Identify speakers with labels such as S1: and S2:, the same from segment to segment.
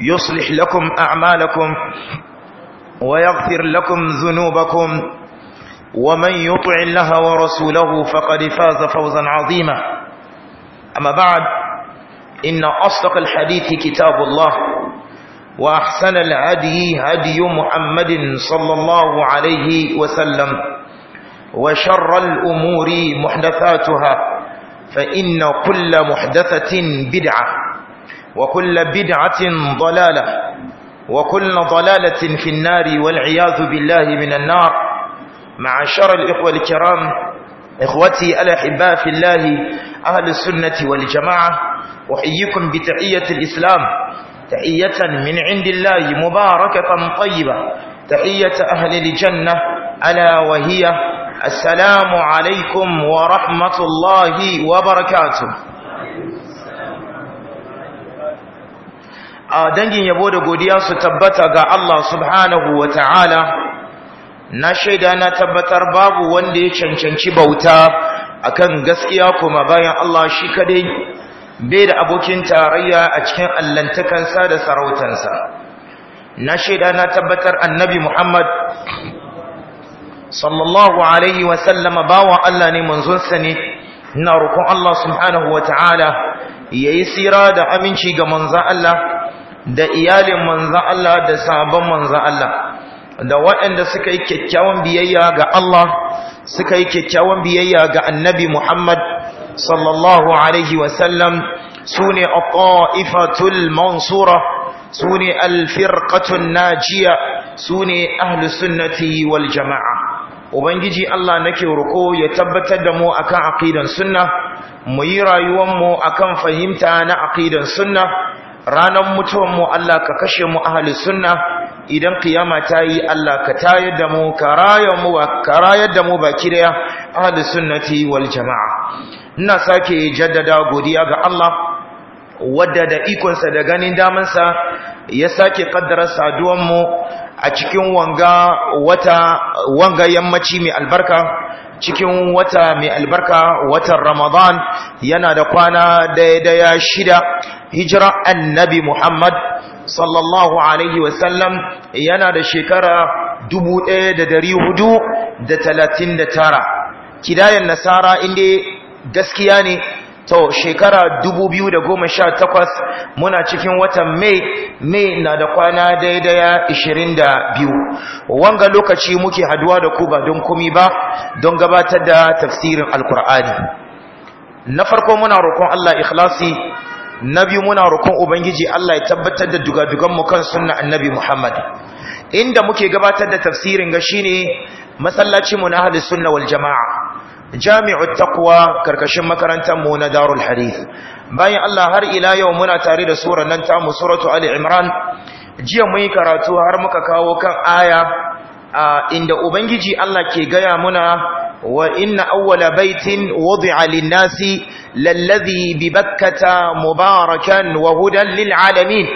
S1: يصلح لكم أعمالكم ويغفر لكم ذنوبكم ومن يطع الله ورسوله فقد فاز فوزا عظيما أما بعد إن أصدق الحديث كتاب الله وأحسن الهدي هدي محمد صلى الله عليه وسلم وشر الأمور محدثاتها فإن كل محدثة بدعة وكل بدعة ضلالة وكل ضلالة في النار والعياذ بالله من النار معاشر الإخوة الكرام إخوتي الأحباء في الله أهل السنة والجماعة أحييكم بتحية الإسلام تحية من عند الله مباركة طيبة تحية أهل الجنة ألا وهي السلام عليكم ورحمة الله وبركاته a dangin yabo da godiya su tabbata ga Allah subhanahu wa ta'ala na shaida na tabbatar babu wanda ya cancanci bauta akan gaskiya kuma bayan Allah shi kadai bai da abokin tarayya a cikin allantakansa da sarautansa na shaida na tabbatar annabi Muhammad sallallahu alaihi wa sallama bawan Allah ne manzonsa ne na roƙon Allah subhanahu wa ta'ala yayi sira da aminci ga manzon Allah da iyalin manzan Allah da sabon manzan Allah da waɗanda suka yi kyakkyawan biyayya ga Allah suka yi kyakkyawan biyayya ga annabi Muhammad sallallahu alaihi wasallam su ne a ƙa'ifatul mansura su ne alfirƙatun najiya su ne ahlusunnati wal jama'a ubangiji Allah nake roƙo ya tabbatar da mu akan aqidan sunna mu yi rayuwar mu akan fahimta na aqidan sunna ranar mutuwan mu Allah ka kashe mu ahli sunna idan kiyama ta yi Allah ka tayar da mu ka rayar mu ka rayar da mu baki daya ahli sunnati wal jama'a ina sake jaddada godiya ga Allah wadda da ikonsa da ganin damansa ya sake kaddara saduwan mu a cikin wanga wata wanga yammaci mai albarka cikin wata mai albarka watan ramadan yana da kwana daidaya shida hijira annabi muhammad sallallahu alaihi wasallam yana da shekara 1439 kidayen nasara inda gaskiya ne To shekara 2018 muna cikin watan mai mai na da kwana daidaya 22 wanga lokaci muke haduwa da ku ba don kumi ba don gabatar da tafsirin alkur'ani na farko muna roƙon Allah ikhlasi na biyu muna roƙon ubangiji Allah ya tabbatar da dugadugan mu kan sunna annabi Muhammad inda muke gabatar da tafsirin ga shine masallaci mu na ahlus sunna wal jamaa jami'u taqwa karkashin makarantar mu na darul hadith bayan Allah har ila yau muna tare da surar nan ta mu suratu ali imran jiya mun yi karatu har muka kawo kan aya inda ubangiji Allah ke gaya muna wa inna awwala baitin wudi'a lin-nasi lalladhi bi bakkata mubarakan wa hudan lil alamin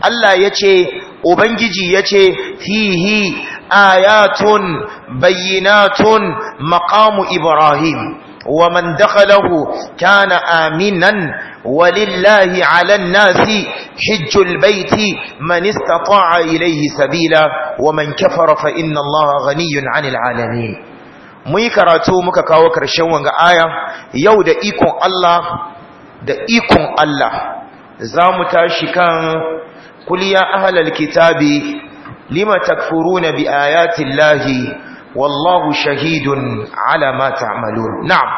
S1: Allah yace ubangiji yace fihi آيات بينات مقام إبراهيم ومن دخله كان آمنا ولله على الناس حج البيت من استطاع إليه سبيلا ومن كفر فإن الله غني عن العالمين muyi karatu muka kawo ƙarshen wanga aya yau da ikon Allah da ikon Allah za mu tashi kan kuliya ahlal kitabi لما تكفرون بآيات الله والله شهيد على ما تعملون نعم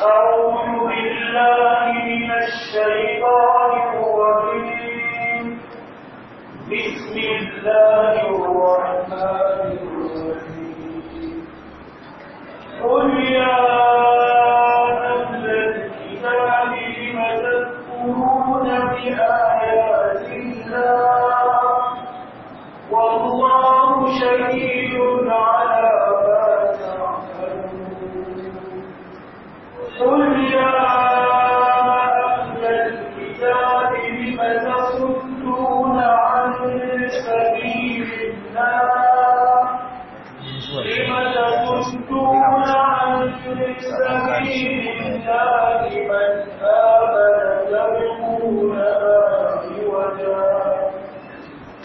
S2: أعوذ بالله من الشيطان الرجيم بسم الله الرحمن الرحيم قل يا أهل الكتاب لم تكفرون بآيات الله والله شهيد على ما تعملون قل يا أهل الكتاب لم تصدون عن سبيل الله لم تصدون عن سبيل الله من آمن تبغونها عوجا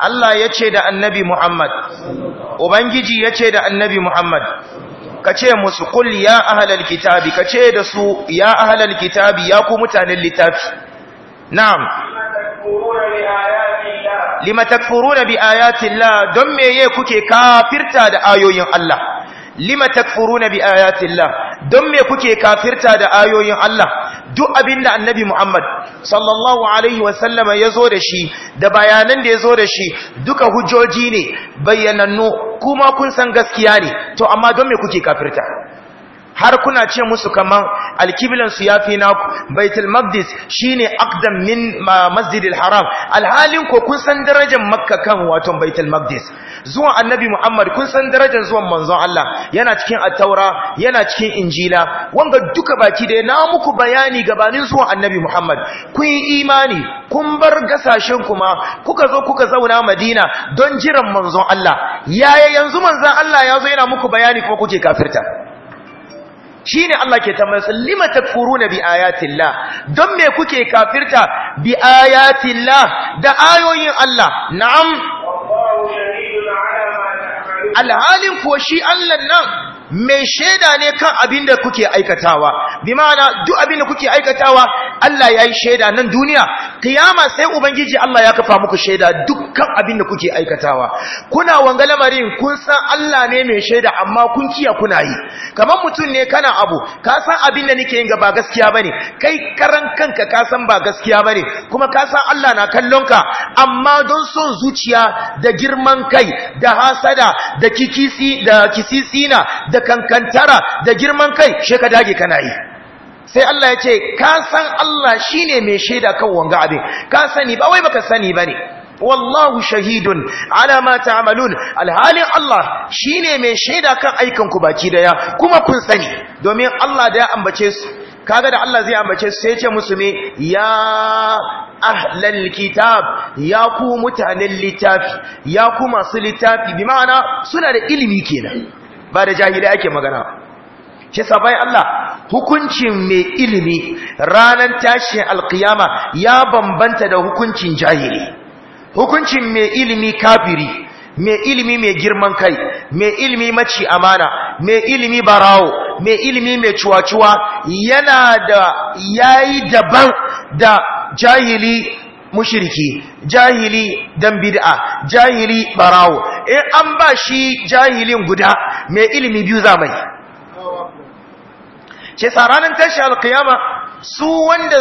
S1: Allah ya ce da annabi Muhammad Ubangiji ya ce da annabi Muhammad ka ce musu kulli ya ahalal kitabi ka ce da su ya ahalal kitabi ya ku mutanen littafi na'am lima takfuruna bi ayatillah don meye kuke kafirta da ayoyin Allah lima bi don me kuke kafirta da ayoyin Allah duk abin da annabi Muhammad sallallahu alaihi wasallama ya zo da shi da bayanan da ya zo da shi duka hujjoji ne bayyanannu kuma kun san gaskiya ne to amma don me kuke kafirta har kuna ce musu kaman alkiblansu ya fi naku baitul shi shine akdam min masjidil haram alhalin ko kun san darajar makka kan wato baitul zuwan annabi muhammad kun san darajar zuwan manzon Allah yana cikin at yana cikin injila wanga duka baki da na muku bayani gabanin zuwan annabi muhammad kun yi imani kun bar gasashen kuma kuka zo kuka zauna madina don jiran manzon Allah yaya yanzu manzon Allah ya zo yana muku bayani kuma kuke kafirta shine Allah ke tambayar su lima takfuruna bi ayatillah don me kuke kafirta bi da ayoyin Allah na'am alhalin ko shi Allah nan mai shaida ne kan abin da kuke aikatawa bi ma'ana duk abin da kuke aikatawa Allah ya yi shaida nan duniya kiyama sai ubangiji Allah ya kafa muku shaida dukkan abin da kuke aikatawa kuna wanga lamarin kun san Allah ne mai shaida amma kun kiya kuna yi kamar mutum ne kana abu ka san abin da nake yin ga ba gaskiya bane kai karan kanka ka san ba gaskiya bane kuma ka san Allah na kallon ka amma don son zuciya da girman kai da hasada da kikisi da kisisina da da kankantara da girman kai she ka dage kana yi sai Allah ya ce ka san Allah shine mai shaida kan wanga abin ka sani ba wai baka sani bane wallahu shahidun ala ma ta'malun alhalin Allah shine mai shaida kan aikan ku baki daya kuma kun sani domin Allah da ya ambace su kaga da Allah zai ambace su sai ya ce musu me ya ahlal kitab ya ku mutanen littafi ya ku masu littafi bi ma'ana suna da ilimi kenan ba da jahili ake magana shi sabai Allah hukuncin mai ilimi ranar tashin alkiyama ya bambanta da hukuncin jahili hukuncin mai ilimi kafiri mai ilimi mai girman kai mai ilimi maci amana mai ilimi barawo mai ilimi mai cuwacuwa cuwa yana da yayi daban da jahili mushiriki jahili dan bid'a jahili barawo in an ba shi jahilin guda mai ilimi biyu zamai mai ce ranar tashi alkiyama su wanda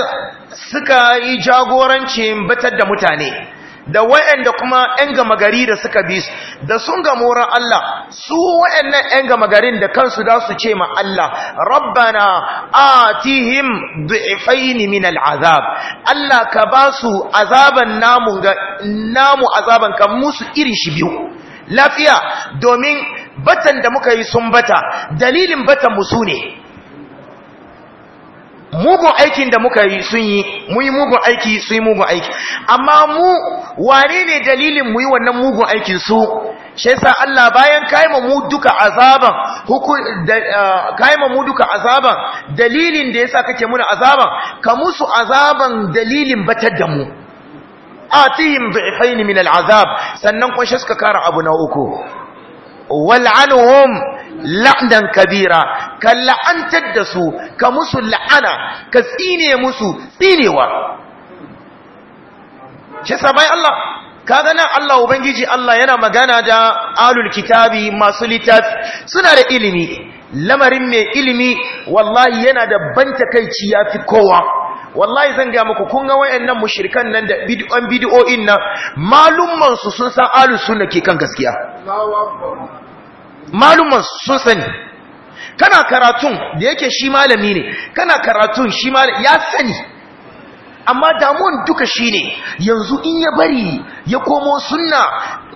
S1: suka yi jagoranci batar da mutane da wa'anda kuma 'yan gama gari da suka bi su da sun ga moran Allah su wa'annan 'yan gama garin da kansu da su ce ma Allah rabbana atihim du'ifaini min al'azab Allah ka ba su azaban namu ga namu azaban kan musu irin shi biyu lafiya domin batan da muka yi sun bata dalilin batan mu su ne mugun aikin da muka yi sun yi mu yi mugun aiki su yi mugun aiki amma mu wane ne dalilin mu yi wannan mugun aikin su shi yasa Allah bayan kaima mu duka azaban kaima mu duka azaban dalilin da ya yasa kake muna azaban ka musu azaban dalilin batar da mu atihim bi'haini min al'azab sannan kun shi suka kara abu na uku wal'anuhum la'nan kabira ka la'antar da su ka musu la'ana ka tsine musu tsinewa shi sabai Allah kaga nan Allah ubangiji Allah yana magana da alul kitabi masu littafi suna da ilimi lamarin mai ilimi wallahi yana da banta kai yafi kowa wallahi zan ga muku kun ga wayannan mushrikan nan da bid'an bid'o'in nan malumman su sun san ahlus sunna ke kan gaskiya malumman sun sani kana karatun da yake shi malami ne kana karatun shi malami ya sani amma damuwan duka shi ne yanzu in ya bari ya komo sunna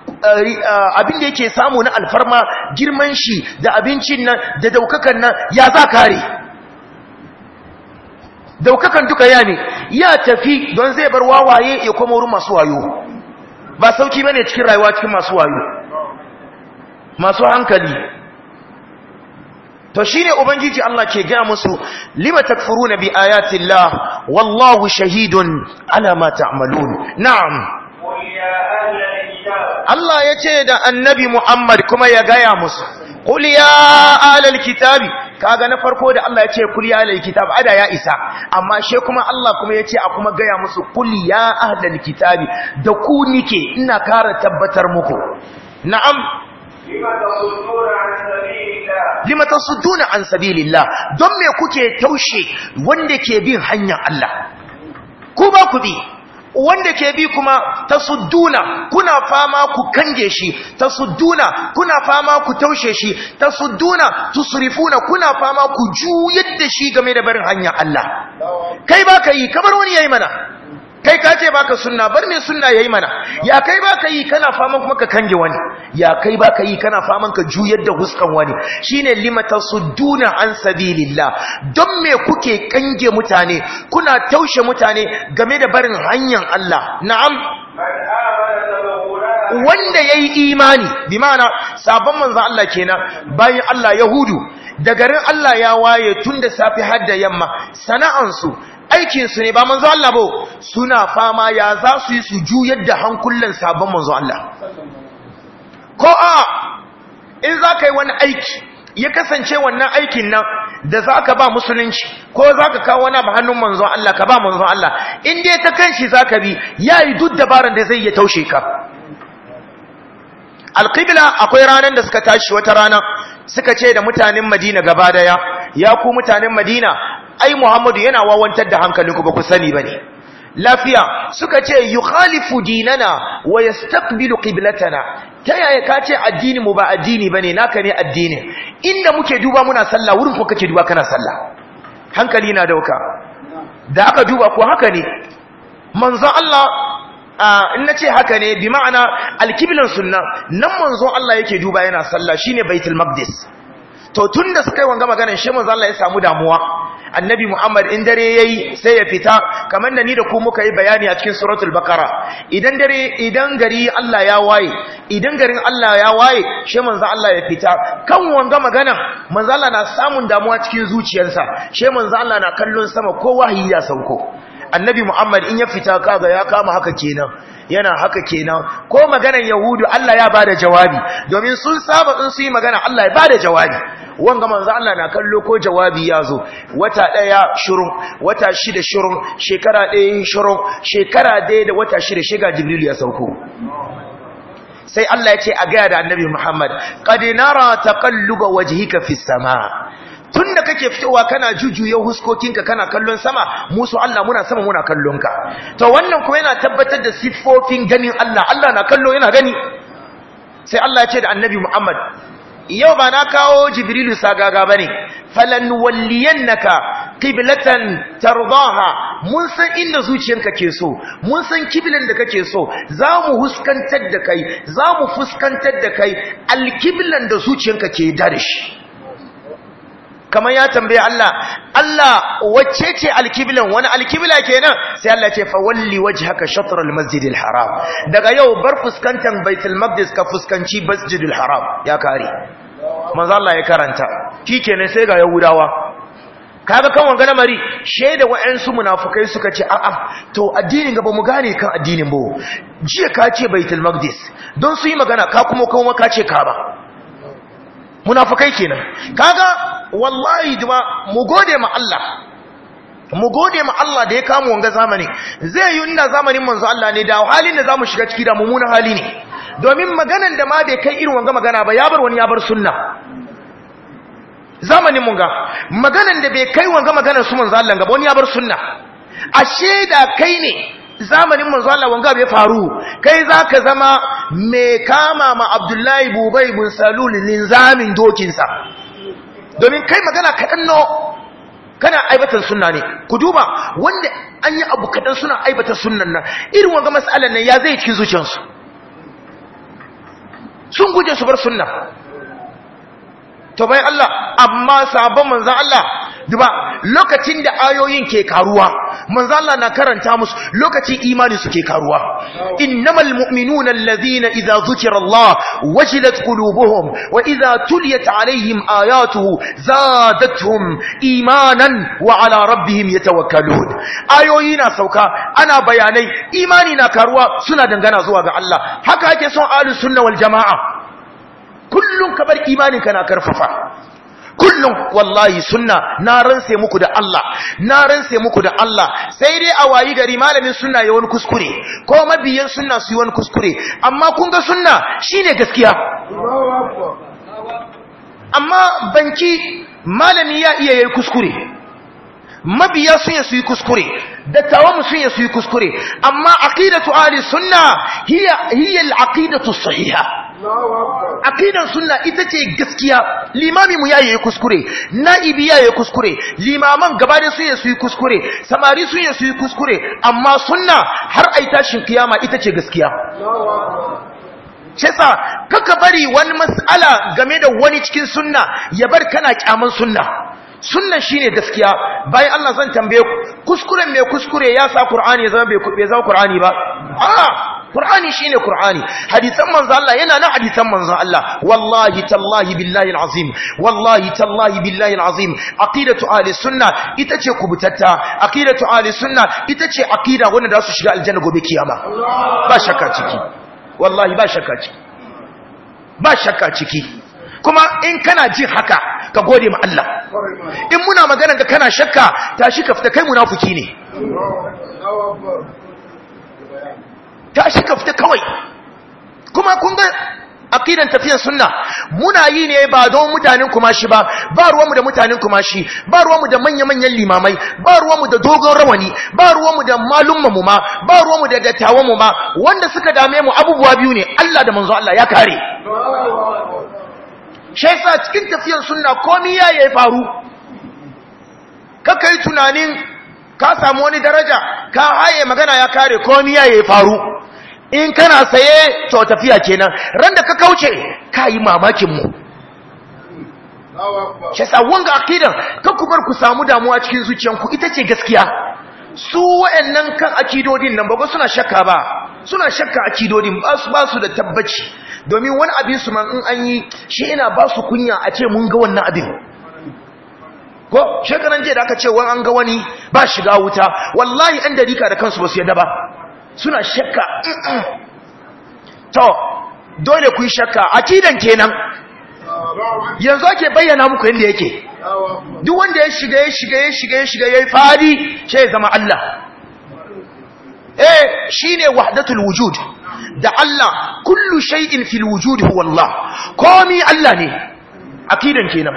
S1: eh, eh, abin da yake samu na alfarma girman shi da abincin nan da daukakan nan ya za kare daukakan duka ya ne ya tafi don zai bar wawaye ya komo masu wayo ba sauki bane cikin rayuwa cikin masu wayo masu hankali to shi ne ubangiji Allah ke gaya musu lima takfuruna bi ayatillah wallahu shahidun ala ma ta'malun na'am Allah ya ce da annabi Muhammad kuma ya gaya musu qul ya alal kitabi kaga na farko da Allah ya ce qul ya alal kitab ada ya isa amma she kuma Allah kuma ya ce a kuma gaya musu qul ya ahlal kitabi da ku nike ina kara tabbatar muku na'am lima tasudduna an sabilillah don me kuke taushe wanda ke bin hanyar Allah ku ba ku bi wanda ke bi kuma tasudduna kuna fama ku kange shi Ta tasudduna kuna fama ku taushe shi tasudduna tusrifuna kuna fama ku juyar da shi game da barin hanyar Allah kai ba ka yi kamar wani yi mana kai ka ce baka sunna bar me sunna yayi mana ya kai baka yi kana faman kuma ka kange wani ya kai baka yi kana faman ka juyar da huskan wani shine limata sudduna an sabilillah don me kuke kange mutane kuna taushe mutane game da barin hanyar Allah na'am wanda yayi imani bi ma'ana sabon manzo Allah kenan bayan Allah yahudu da garin Allah ya waye tun da safi har da yamma sana'ansu aikinsu ne ba manzo Allah ba suna fama ya za su yi su juyar da hankulan sabon manzo Allah ko a in za ka yi wani aiki ya kasance wannan aikin nan da za ka ba musulunci ko za ka kawo wani ba hannun manzo Allah ka ba manzon Allah in dai ta kan shi za ka bi ya yi duk dabarar da zai iya taushe ka alƙibla akwai ranar da suka tashi wata rana suka ce da mutanen madina gaba daya ya ku mutanen madina ai Muhammadu yana wawantar da hankalinku ba ku sani ba ne lafiya suka ce yukhalifu dinana wa yastaqbilu qiblatana ta yaya ka ce addini mu ba addini bane naka ne addini inda muke duba muna sallah wurin ko kake duba kana sallah hankali na dauka da aka duba ko haka ne manzon Allah in ce haka ne bi ma'ana alkiblan sunna nan manzo Allah yake duba yana sallah shine baitul maqdis to tunda suka yi wanga maganar shi manzon Allah ya samu damuwa annabi Muhammad in dare yayi sai ya fita kamar da ni da ku muka yi bayani a cikin suratul baqara idan dare idan gari Allah ya waye idan garin Allah ya waye shi manzo Allah ya fita kan wanga magana manzo Allah na samun damuwa cikin zuciyarsa shi manzo Allah na kallon sama ko wahayi ya sauko annabi muhammad in ya fita kaga ya kama haka kenan yana haka kenan ko maganar yahudu Allah ya bada jawabi domin sun saba in yi magana Allah ya bada jawabi wanga manzo Allah na kallo ko jawabi ya zo wata daya shurun wata shida shurun shekara daya shurun shekara daya da wata shida shiga jibril ya sauko sai Allah ya ce a gaya da annabi Muhammad qad nara taqalluba wajhika fis sama. tunda kake fitowa kana jujuye huskokinka kana kallon sama musu Allah muna sama muna kallon ka to wannan kuma yana tabbatar da sifofin ganin Allah Allah na kallo yana gani sai Allah ya ce da Annabi Muhammad yau ba na kawo jibrilu sagaga ba ne falan walliyannaka qiblatan tardaha mun san inda zuciyanka ke so mun san kiblan da kake so za mu huskantar da kai za mu fuskantar da kai alkiblan da zuciyanka ke dare shi kamar ya tambaye Allah Allah wacce ce alkiblan wani alkibla kenan sai Allah ce fa walli wajhaka shatr almasjid alharam daga yau bar fuskantan baitul maqdis ka fuskanci al haram ya kare manzo Allah ya karanta kikenan sai ga yahudawa kaga kan wanga mari? shaida wa'ansu munafukai suka ce a'a to addinin gaba mu gane kan addinin mu jiya ka ce baitul maqdis don su yi magana ka kuma kuma ka ce ka munafukai kenan kaga wallahi juma mu gode ma Allah mu gode ma Allah da ya kama wanga zamani zai yi inda zamanin manzo Allah ne da halin da zamu shiga ciki da muna hali ne domin maganan da ma bai kai irin wanga magana ba ya bar wani ya bar sunna zamanin munga maganan da bai kai wanga magana su manzo Allah ga wani ya bar sunna ashe da kai ne zamanin manzo Allah wanga bai faru kai zaka zama mai kama ma Abdullahi Bubai bin Salul linzamin dokinsa domin kai magana kaɗan na kana aibatar sunna ne ku duba wanda an yi abu kaɗan suna aibatar sunan nan irin wanga matsalar nan ya zai cikin zuciyarsu sun guje su bar sunna to bai Allah amma sabon manzan Allah duba lokacin da ayoyin ke karuwa manzo na karanta musu lokacin imani suke karuwa innamal mu'minuna alladhina idza dhukira Allah wajilat qulubuhum wa idza tuliyat alaihim ayatuhu zadatuhum imanan wa ala rabbihim yatawakkalun ayoyi na sauka ana bayanai imani na karuwa suna dangana zuwa ga Allah haka ake son ahlus sunna wal jamaa kullun kabar imanin kana karfafa kullum wallahi sunna na ransa muku da Allah na ransa muku da Allah sai dai a wayi gari malamin sunna ya wani kuskure ko mabiyan sunna su yi wani kuskure amma kun ga sunna shine gaskiya amma banki malami ya iya yayi kuskure mabiya sun yi su yi kuskure dattawan sun yi su yi kuskure amma aqidatu ahli sunna hiya hiya al-aqidatu sahiha aqidar sunna ita ce gaskiya limami mu yayi kuskure na'ibi yayi kuskure limaman gaba da su ya yi kuskure samari su ya yi kuskure amma sunna har ai tashin kiyama ita ce gaskiya Cesa kaka bari wani mas'ala game da wani cikin sunna ya bar kana kyaman sunna sunnan ne gaskiya bayan Allah zan tambaye ku kuskuren mai kuskure ya sa Qur'ani ya zama bai zama Qur'ani ba a shi ne Qur'ani hadisan manzo Allah yana nan hadisan manzo Allah wallahi tallahi billahi alazim wallahi tallahi billahi alazim aqidatu ahli sunna ita ce kubutatta aqidatu ahli sunna ita ce aqida wanda za su shiga aljanna gobe kiyama ba shakka ciki wallahi ba shakka ciki ba shakka ciki kuma in kana jin haka ka gode ma Allah in muna magana ka kana shakka tashi ka fita kai munafiki ne tashi ka fita kawai kuma kun ga aqidan tafiyan sunna muna yi ne ba don mutanen kuma shi ba ba mu da mutanen kuma shi ba mu da manya-manyan limamai ba mu da dogon rawani ba mu da malumma mu ma ba mu da mu ma wanda suka dame mu abubuwa biyu ne Allah da manzo Allah ya kare shaisa cikin tafiyar sunna komai ya yi faru kakai tunanin ka samu wani daraja ka haye magana ya kare komai ya yi faru in kana saye to tafiya kenan randa ka kauce ka yi mamakinmu. mu shi wanga aqidan ka ku ku samu damuwa cikin zuciyanku ita ce gaskiya su wa'annan kan akidodin nan ba suna shakka ba suna shakka akidodin ba su da tabbaci domin wani abin su man in an yi shi ina ba su kunya a ce mun ga wannan abin ko shekaran jiya da aka ce wani an ga wani ba shiga wuta wallahi ɗan dalika da kansu ba su yadda ba suna shakka to dole ku yi shakka akidan kenan yanzu ake bayyana muku yadda yake duk wanda ya shiga ya shiga ya shiga ya shiga ya yi fadi sai ya zama Allah eh shine wahdatul wujud da Allah kullu shay'in fil wujud huwa Allah komi Allah ne akidan kenan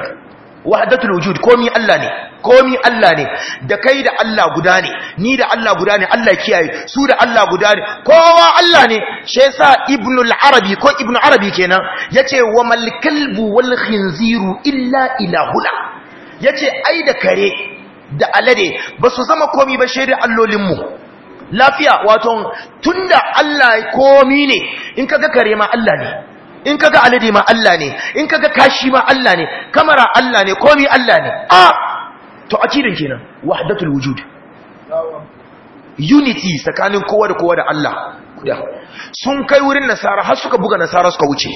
S1: wahdatul wujud komi Allah ne komi Allah ne da kai da Allah guda ne ni da Allah guda ne Allah kiyaye su da Allah guda ne kowa Allah ne shi yasa ibnu al-arabi ko ibnu arabi kenan yace wa mal kalbu wal khinziru illa ilahuna yace ai da kare da alade ba su zama komi ba da allolinmu lafiya wato tunda Allah komi ne in kaga kare ma Allah ne in kaga alade ma Allah ne in kaga kashi ma Allah ne kamera Allah ne komi Allah ne a to akidan kenan wahdatul wujud unity tsakanin kowa da kowa da Allah sun kai wurin nasara har suka buga nasara suka wuce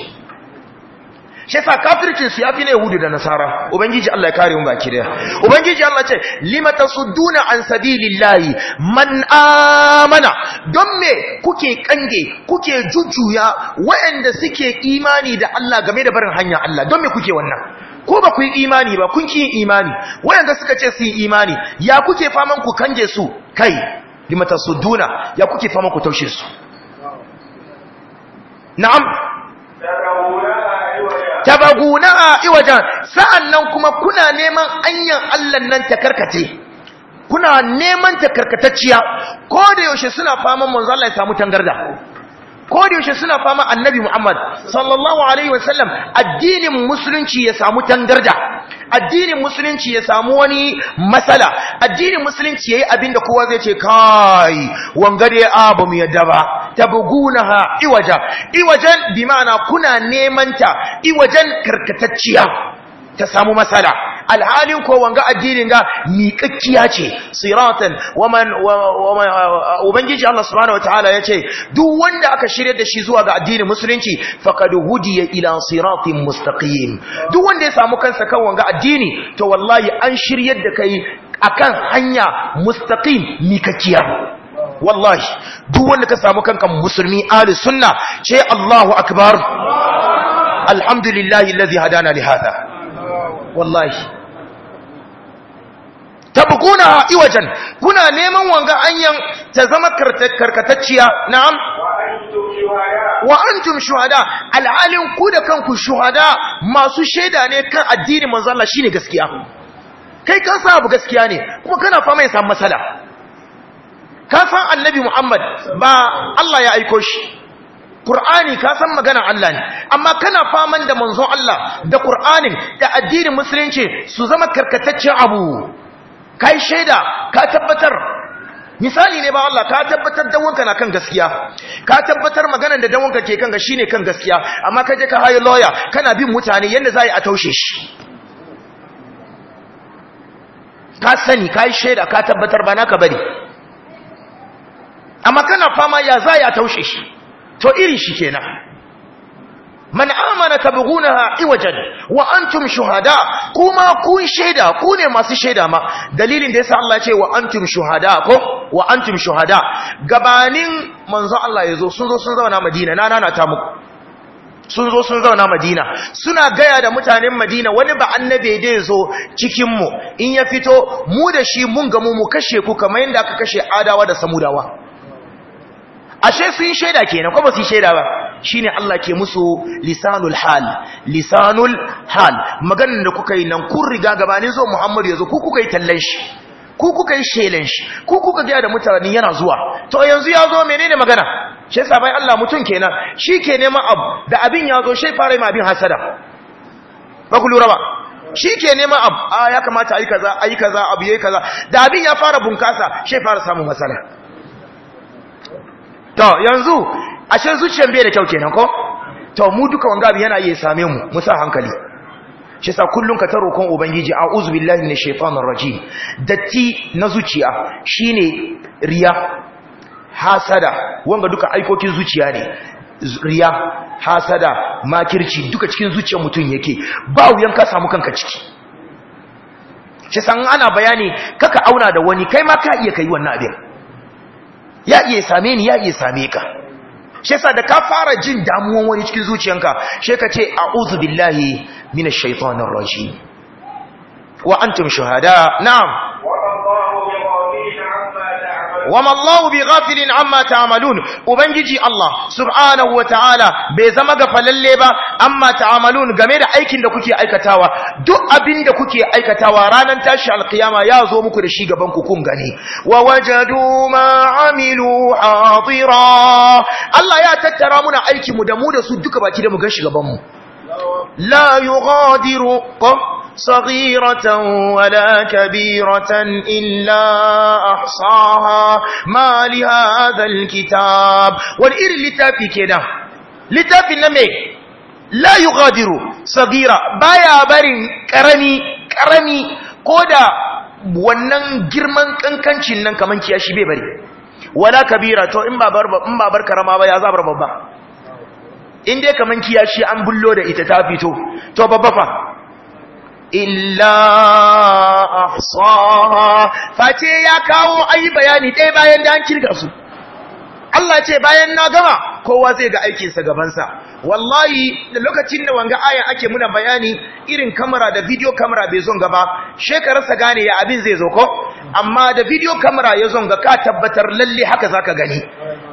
S1: shefa kafircin su fi ne hudu da nasara ubangiji Allah ya kare mu baki daya ubangiji Allah ce limata tasudduna an sabilillahi man amana don me kuke kange kuke jujjuya wayanda suke imani da Allah game da barin hanya Allah don me kuke wannan ko ba ku yi imani ba kun ki imani wayanda suka ce su yi imani ya kuke faman ku kange su kai limata suduna ya kuke faman ku taushe su na'am tabaguna iwajan sa'annan kuma kuna neman anyan Allah nan ta karkace kuna neman ta karkatacciya ko da yaushe suna faman manzo Allah ya samu tangarda ko da yaushe suna fama annabi Muhammad sallallahu alaihi wasallam addinin musulunci ya samu tangarda addinin musulunci ya samu wani matsala addinin musulunci yayi abin da kowa zai ce kai wangare a ba mu yadda ba tabgunaha iwaja iwajan bi kuna neman ta iwajan karkatacciya ta samu masala alhalin ko wanga addinin ga miƙakkiya ce siratan waman uh, ubangiji Allah subhanahu wataala yace duk wanda aka shiryar da shi zuwa ga addinin musulunci faqad hudiya ila siratin mustaqim duk wanda ya samu kansa kan wanga addini to wallahi an shiryar da kai akan hanya mustaqim miƙakkiya wallahi duk wanda ka samu kanka musulmi ahli sunna ce Allahu akbar alhamdulillahi allazi hadana li hada wallahi tabquna iwajan kuna neman wanga anyan ta zama karkatacciya na'am wa antum shuhada al'alin ku da kanku shuhada masu shaida ne kan addini manzo Allah shine gaskiya kai kan sa abu gaskiya ne kuma kana fama ya samu matsala ka san annabi Muhammad ba Allah ya aiko shi Qur'ani ka san magana Allah ne amma kana faman da manzon Allah da Ƙur'ani da addinin musulunci su zama karkataccen abu kai shaida ka tabbatar misali ne ba Allah ka tabbatar wanka na kan gaskiya ka tabbatar magana da wanka ke kan shine kan gaskiya amma kaje ka hayi lawyer kana bin mutane yanda za a taushe shi ka sani ka yi shaida ka tabbatar ba naka bane amma kana fama ya za a taushe shi to irin shi kenan man amana tabghunaha iwajan wa antum shuhada kuma kun shaida ku ne masu shaida ma dalilin da yasa Allah ya ce wa antum shuhada ko wa antum shuhada gabanin manzo Allah yazo sun zo sun zauna Madina na nana ta muku sun zo sun zauna Madina suna gaya da mutanen Madina wani ba annabi dai zo cikin mu in ya fito mu da shi mun ga mu mu kashe ku kamar yanda aka kashe adawa da samudawa ashe sun shaida kenan kuma ba su shaida ba shine Allah ke musu lisanul hal lisanul hal maganar da kuka yi nan kun riga gabanin zo Muhammad yazo ku kuka yi tallan shi ku kuka yi shelan shi ku kuka ga da mutane yana zuwa to yanzu ya zo menene magana shi yasa bai Allah mutun kenan shi ke neman abu da abin ya zo shi fara yi abin hasada ba ku lura ba shi ke neman abu a ah, ya kamata ayi kaza ayi kaza abu yayi kaza da abin ya fara bunkasa shi fara samun masana. to yanzu ashe zuciyar bai da kyau kenan ko to mu duka wanga yana iya same mu mu sa hankali shi sa kullun ka taro kan ubangiji a'udhu billahi minash shaitanir rajim datti na zuciya shine riya hasada wanga duka aikokin zuciya ne riya hasada makirci duka cikin zuciyar mutum yake ba wuyan ka samu kanka ciki shi san ana bayani kaka auna da wani kai ma ka iya kai wannan abin ya iya same ni ya iya same ka shi yasa da ka fara jin damuwan wani cikin zuciyanka shi ka ce a'udhu billahi minash shaitanir rajim wa antum shuhada na'am wama Allahu bi ghafilin amma ta'malun ubangiji Allah subhanahu wataala bai zama ga falalle ba amma ta'malun game da aikin da kuke aikatawa duk abinda kuke aikatawa ranar tashi alkiyama ya zo muku da shi gaban ku kun gani wa wajadu ma amilu hadira Allah ya tattara muna aikin mu da mu da su duka baki da mu gan shi gaban mu la yughadiru صغيرة ولا كبيرة إلا أحصاها ما لهذا الكتاب والإر لتافي كده لتافي نمي لا يغادر صغيرة بايا برن كرمي كرمي كودا wannan girman kankancin nan kaman shi bai bari wala kabira to in babar in babar karama ba ya zabar babba in dai kaman kiyashi an bullo da ita ta fito to babba fa illa ahsaha Fati ya kawo ayi bayani ɗaya bayan da an kirga su Allah ce bayan na gama kowa zai ga aikinsa gabansa wallahi da lokacin da wanga aya ake muna bayani irin kamera da video kamera bai zo gaba. ba sa gane ya abin zai zo ko amma da video kamera ya ga, ka tabbatar lalle haka zaka gani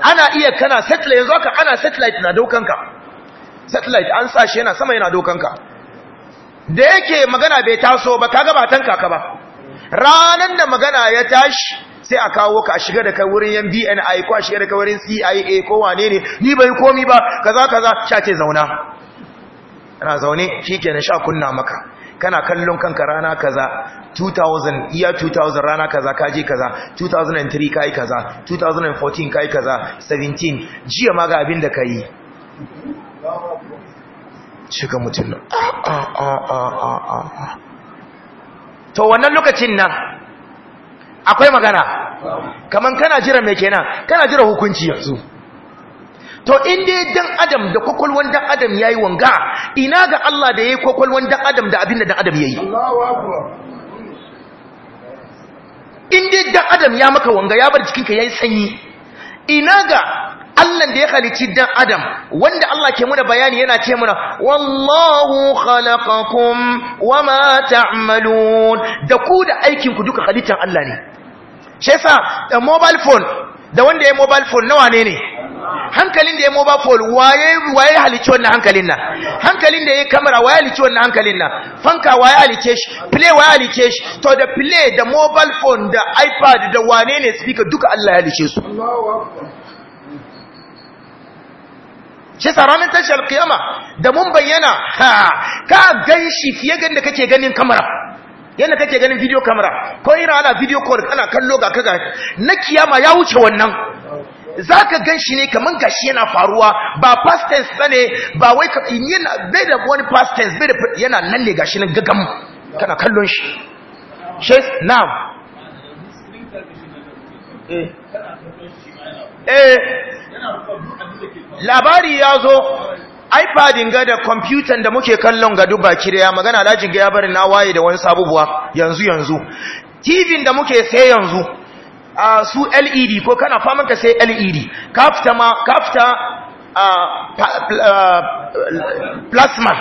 S1: ana iya kana satellite yanzu haka ana satellite na ka satellite an sashi yana sama yana ka. da yake magana bai taso ba kaga ba kaka ka ba ranan da magana ya tashi sai a kawo ka a shiga da kai wurin yan BNI ko a shiga da kai wurin CIA ko wane ne ni bai komi ba kaza kaza sha ce zauna ana zaune shikenan sha kunna maka kana kallon kanka rana kaza 2000 iya 2000 rana kaza kaje kaza 2003 kai kaza 2014 kai kaza 17 jiya ma ga abin da kai shiga mutum nan ah, ah, ah, to wannan lokacin nan akwai magana kaman kana jira mai kenan kana jira hukunci yanzu to inda dan adam da kwakwalwan dan adam ya yi wanga ina ga Allah da ya yi kwakwalwan dan adam da abin da dan adam ya yi? inda in dai dan adam ya maka wanga ya bar cikinka yi sanyi ina ga Allah da ya halici dan adam wanda Allah ke muna bayani yana ce muna wallahu khalaqakum wama ta'malun da ku da aikin ku duka halittar Allah ne shi yasa da mobile phone da wanda ya mobile phone nawa ne ne hankalin da ya mobile phone waye waye halici wannan hankalin nan hankalin da ya kamera waye halici wannan hankalin nan fanka waye halice shi play waye halice shi to da play da mobile phone da ipad da wane ne speaker duka Allah ya halice su Allahu akbar shi sa ranar tashi alkiyama da mun bayyana ha ka gan shi fiye gan da kake ganin kamara yadda kake ganin video kamara ko ina ana video call kana kallo ga kaga na kiyama ya wuce wannan za ka gan shi ne kamar gashi yana faruwa ba past tense ba ne ba wai ka yana bai da wani past tense bai da yana nan ne gashi nan gagam kana kallon shi
S2: shes now eh eh labari ya zo iPadin ga da
S1: kwamfutan da muke kallon ga duba kiriya magana lajin ga ya bari na waye da wani sabubuwa yanzu yanzu TV da muke sai yanzu a su LED ko kana faman ka sai LED ka fita ma ka fita plasma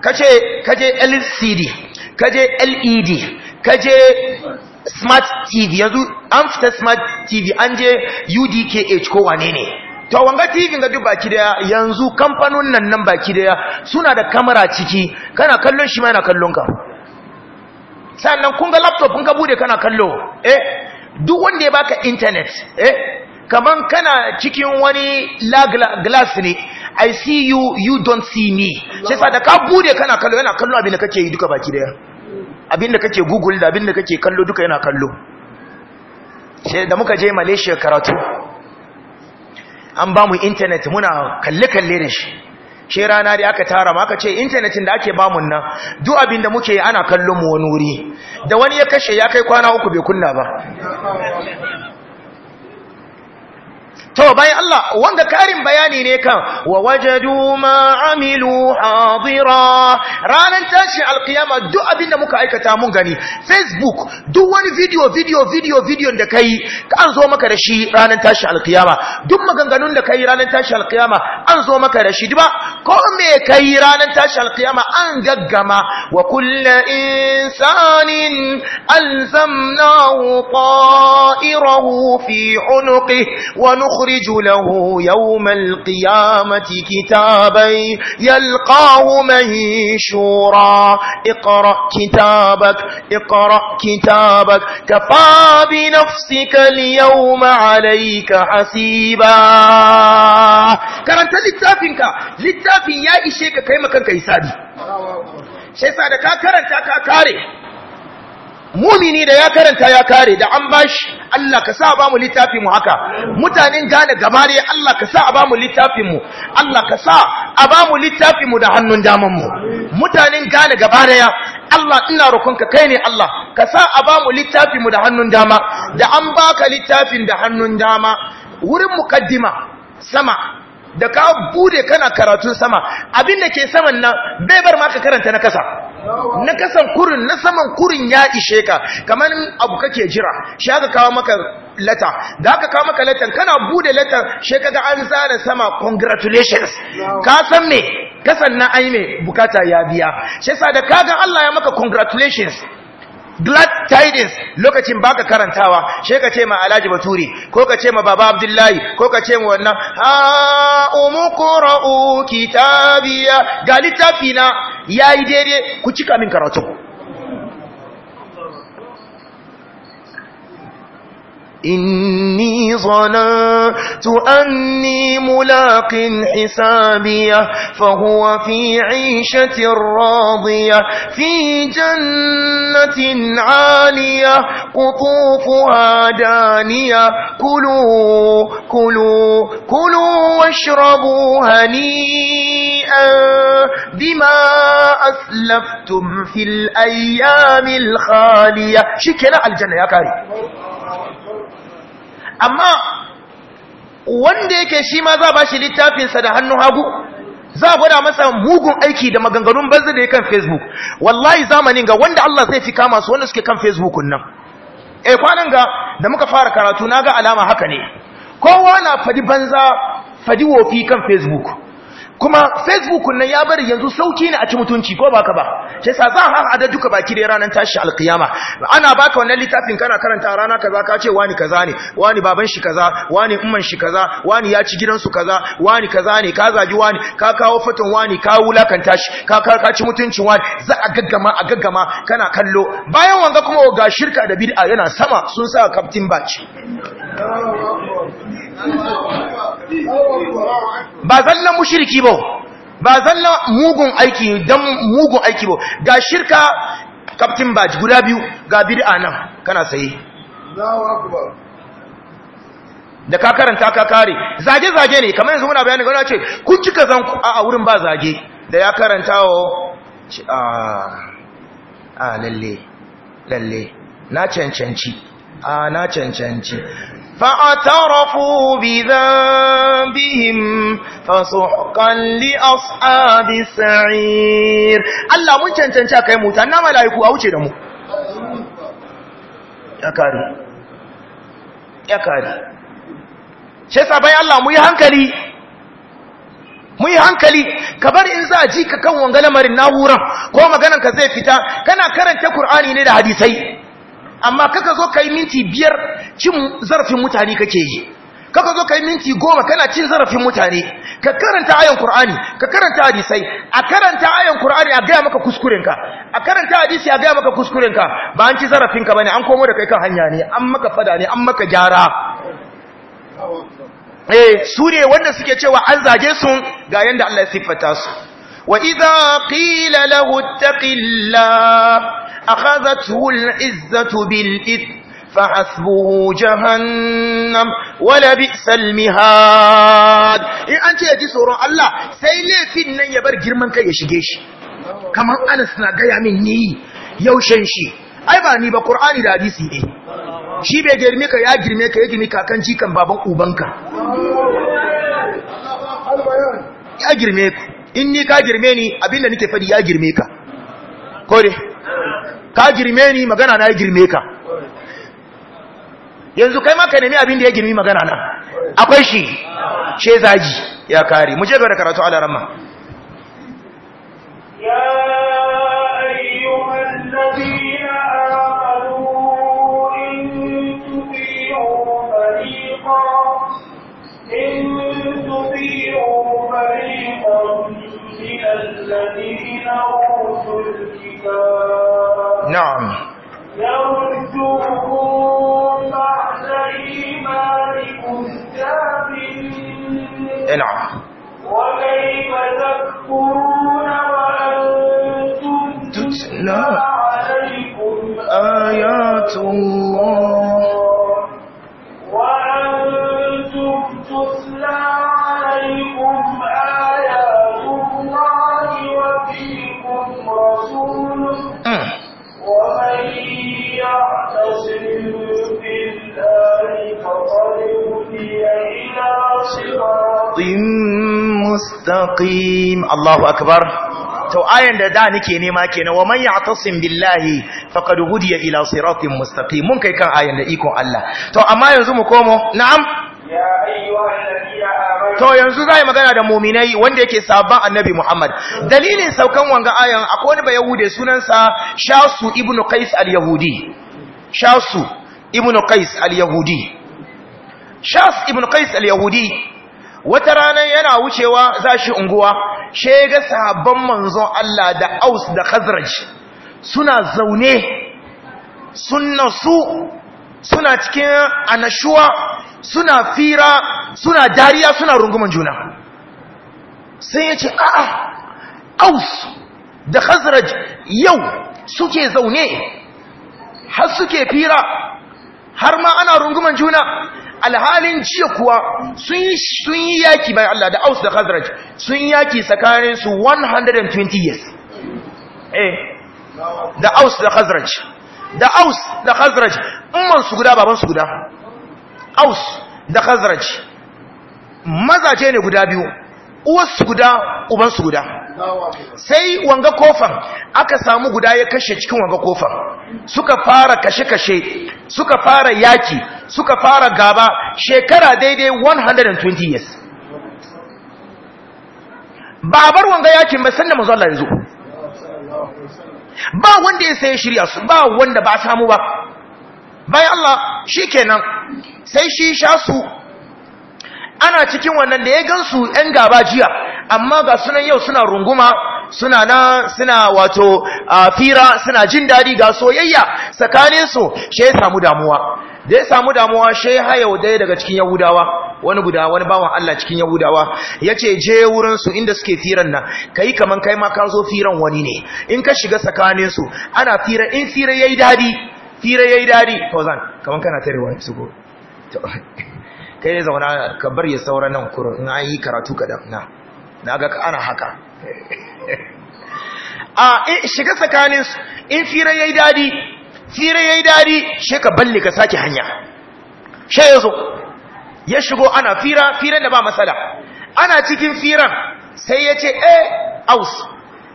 S1: kaje, kaje LCD kaje LED kaje smart TV yanzu an fita smart TV an je UDKH ko wane ne to wanga tigin ga duk baki daya yanzu kamfanin nan nan baki daya suna da kamera ciki kana kallon shi ma yana kallon ka sannan kun ga laptop kun ka bude kana kallo eh duk wanda ya baka internet eh kaman kana cikin wani glass ne i see you you don't see me sai sa da ka bude kana kallo yana kallo abin da kake yi duka baki daya abin da kake google da abin da kake kallo duka yana kallo sai da muka je malaysia karatu an ba mu intanet muna kalle-kalle da shi shi rana da aka tara ma aka ce intanetin da ake bamun nan duk abin da muke ana kallon mu wani wuri da wani ya kashe ya kai kwana uku bai kunna ba to bayan Allah wanda karin bayani ne kan wa wajadu ma amilu hadira ranar tashi alkiyama duk abinda muka aikata mun gani facebook duk wani video video video video da kai an zo maka da shi ranar tashi alkiyama duk maganganun da kai ranar tashi alkiyama an zo maka da shi duba, ko me kai ranar tashi alkiyama an gaggama wa kullu insanin alzamnahu ta'irahu fi unuqi wa nukhri يخرج له يوم القيامة كتابا يلقاه منشورا اقرأ كتابك اقرأ كتابك كفى بنفسك اليوم عليك حسيبا كرنت كا لتافن يا إشيك كيما كان كيسادي شيسا دكا كرنت كاري mumini da ya karanta ya kare da an bashi Allah ka sa a bamu littafin mu haka mutanen gane gabare Allah ka sa a bamu littafin mu Allah ka sa a bamu littafin mu da hannun daman mu mutanen gane gabare Allah ina rokonka kai ne Allah ka sa a bamu littafin mu da hannun dama da an baka littafin da hannun dama wurin mukaddima sama da ka bude kana karatun sama abin da ke saman nan bai bar maka karanta na kasa na kasan kurin na saman kurin ya ishe ka kamar abu kake jira shi aka kawo maka lata da aka kawo maka latan kana bude latan shi kaga an zara sama congratulations ka san me kasan na ai me bukata ya biya shi yasa da kaga Allah ya maka congratulations glad tidings lokacin baka karantawa she ka ce ma Alhaji Baturi ko ka ce ma Baba Abdullahi ko ka ce ma wannan ha umqra'u kitabiya ga littafina yayi daidai ku cika min karatu إني ظننت أني ملاق حسابية فهو في عيشة راضية في جنة عالية قطوفها دانية كلوا كلوا كلوا واشربوا هنيئا بما أسلفتم في الأيام الخالية شكرا على الجنة يا كاري amma wanda yake shi ma za ba shi littafinsa da hannun hagu za a gwada masa mugun aiki da maganganun banza da ya kan facebook wallahi zamanin ga wanda Allah zai fi kama su wanda suke kan facebook nan eh kwanan ga da muka fara karatu na ga alama haka ne kowa na fadi banza fadi wofi kan facebook kuma facebook nan ya bari yanzu sauki ne a ci mutunci ko baka ba sai sa za ha hada duka baki da ranan tashi alkiyama ana baka wannan littafin kana karanta rana kaza ka ce wani kaza ne wani baban shi kaza wani umman shi kaza wani ya ci gidansu kaza wani kaza ne ka zagi wani ka kawo fatan wani ka kan tashi ka ka ci mutuncin wani za a gaggama a gaggama kana kallo bayan wanga kuma ga shirka da bid'a yana sama sun sa kaftin baci ba zallan mushriki ba ba zallan mugun aiki dan mugun aiki ba ga shirka captain baji guda biyu ga bid'a nan kana saye da ka karanta ka kare zage zage ne kamar yanzu muna bayani gona ce ku kika zan a wurin ba zage da ya karanta wa a ah, ah, lalle lalle na cancanci a na cancanci فاعترفوا بذنبهم فسحقا لأصحاب sa'ir Allah mun cancanci kai mu na malaiku a wuce da mu ya kare ya kare ce sabai Allah mu yi hankali mu yi hankali kabar in za a ji ka kan wanga lamarin wuran ko maganan ka zai fita kana karanta Kur'ani ne da hadisai amma kaka zo ka minti biyar cin zarafin mutane kake yi kaka zo ka minti goma kana cin zarafin mutane ka karanta ayan Kur'ani, ka karanta hadisai a karanta ayan Kur'ani a gaya maka kuskurenka a karanta hadisi a gaya maka kuskurenka ba an ci zarafinka ba ne an komo da kai kan hanya ne an maka fada ne an maka gyara eh su ne wanda suke cewa an zage su ga yanda Allah ya siffata su وإذا قيل له اتق الله أخذته العزة بالإثم فحسبه جهنم ولبئس المهاد إن أنت يجي سورة الله سيلي في النية بر جرمان كي يشيش كما أنا سنقيا مني يوشن شي أي باني بقرآن دا دي سي shi bai girme ka ya girme ka ya girme kakan jikan baban ubanka ya girme ku in ni ka girme ni abinda nike fadi ya girme ka kore ka girme ni magana na ya girme ka yanzu kai ma ka nemi abinda ya girme magana na akwai shi ce zaji ya kare mu je ga karatu ala ramma ya
S2: ayyuhan nabi الذين أوتوا الكتاب نعم يردوكم بعد إيمانكم كاملين نعم وكيف تكفرون وأنتم تتلى عليكم آيات الله وأنتم تتلى يعتصم بالله
S1: to ayan da da nake nema kenan wa man ya'tasim billahi faqad hudiya ila siratin mustaqim mun kai kan ayan da ikon Allah to amma yanzu mu komo na'am ya to yanzu za zai magana da mu'minai wanda yake sabon annabi Muhammad dalilin saukan wanga ayan akwai wani bayahude sunansa Shasu ibn Qais al-Yahudi Shasu ibn Qais al-Yahudi Shasu ibn Qais al-Yahudi wata rana yana wucewa zashi unguwa she ga manzon Allah da Aus da Khazraj suna zaune sunna su suna cikin anashuwa suna fira suna dariya suna runguman juna sai ya ce a'a aus da khazraj yau suke zaune har suke fira har ma ana runguman juna alhalin jiya kuwa sun yi yaki bayan Allah da aus da khazraj sun yaki tsakaninsu 120 years eh da aus da khazraj da aus da khazraj umman su guda baban su guda aus da khazraj mazace ne guda biyu uwarsu guda ubansu guda sai wanga kofan aka samu guda ya kashe cikin wanga kofan suka fara kashe-kashe suka fara yaki suka fara gaba shekara daidai 120 years ba bar wanga yakin ba sanda mazu Allah ya zo ba wanda ya sai shirya su ba wanda ba samu ba bayan Allah shi kenan sai shi sha su ana cikin wannan da ya gansu yan gaba jiya amma ga sunan yau suna runguma suna na suna wato fira suna jin daɗi ga soyayya tsakanin su she ya samu damuwa da ya samu damuwa she ya hayau daya daga cikin yahudawa wani guda wani bawan Allah cikin Yahudawa yace je wurinsu inda suke firan nan kai kaman kai ma ka zo firan wani ne in ka shiga tsakaninsu ana fira in fira yayi daɗi. ya yi dadi fauzan kaman kana ta riwaya su go kai ne zauna ka bar ya saura nan kurun in yi karatu ka na ga ka ana haka a shiga tsakanin in ya yi dadi ya yayi dadi she ka balle ka sake hanya she yazo ya shigo ana fira firan da ba matsala. ana cikin firan sai yace eh aus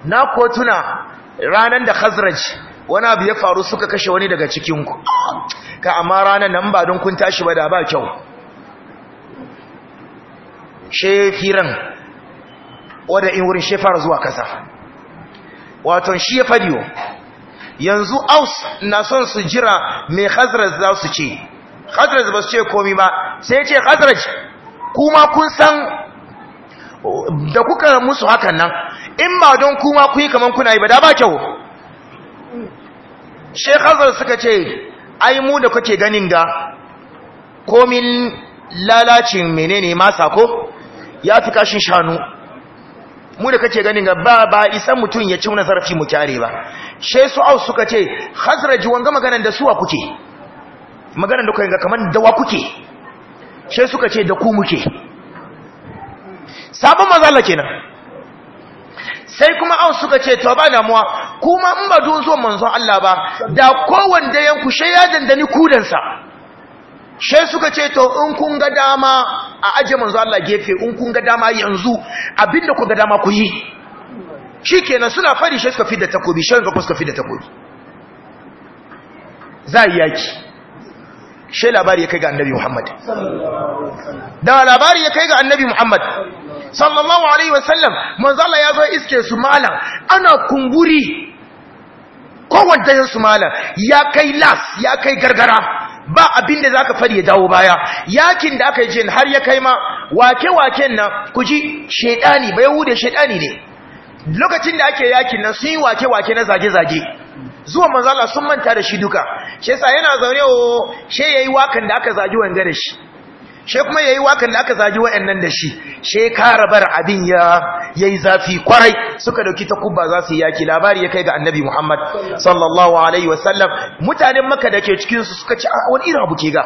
S1: na kotuna ranar da khazraj wani abu ya faru suka kashe wani daga cikinku ka amma ranar nan ba don kun tashi ba da ba kyau shefiran wadda in wurin shefara zuwa kasa waton shi ya fadiyo yanzu aus na son su jira mai hazrat za su ce hazrat ba su ce komi ba sai ce hazrat kuma kun san da kuka musu hakan nan in ba don kuma kuyi yi kamar kuna yi ba da ba kyau shekhazar suka ce ai mu da kuke ganin ga komin lalacin menene masa ko ya fi kashin shanu mu da kake ganin ga ba ba isan mutum ya ci wani zarafi mu kyare ba Sheikh su suka ce hazraji wanga maganan da suwa kuke maganan da kuke ga kaman dawa kuke Sheikh suka ce da ku muke sabon mazalla kenan sai kuma aw suka ce to ba damuwa kuma in ba don zo manzon Allah ba da kowanne yanku shay ya dandani kudansa she suka ce to in kun ga dama a aje manzon Allah gefe in kun ga dama yanzu abinda ku ga dama ku yi shikenan suna fari she suka fida takobi she suka fida takobi zai yaki she labari ya kai ga annabi Muhammad da labari ya kai ga annabi Muhammad sallallahu alaihi wasallam manzala ya zo iske su malam ana kumburi kowanne su malam ya kai las ya kai gargara ba abin da zaka fari ya dawo baya yakin da aka yi jin har ya kai ma wake-waken nan ku ji shedani ba yahude shedani ne lokacin da ake yakin nan sun yi wake-wake na zage-zage zuwa manzala sun manta da shi duka shi yana zaune o oh, she yayi wakan da aka zagi wanga da shi Shekuma kuma yayi wakan da aka zagi wayannan da shi she bar abin ya yayi zafi kwarai suka dauki kubba za su yaki labari ya kai ga annabi Muhammad sallallahu alaihi wasallam mutanen makka dake cikin su suka ci wani irin abu ke ga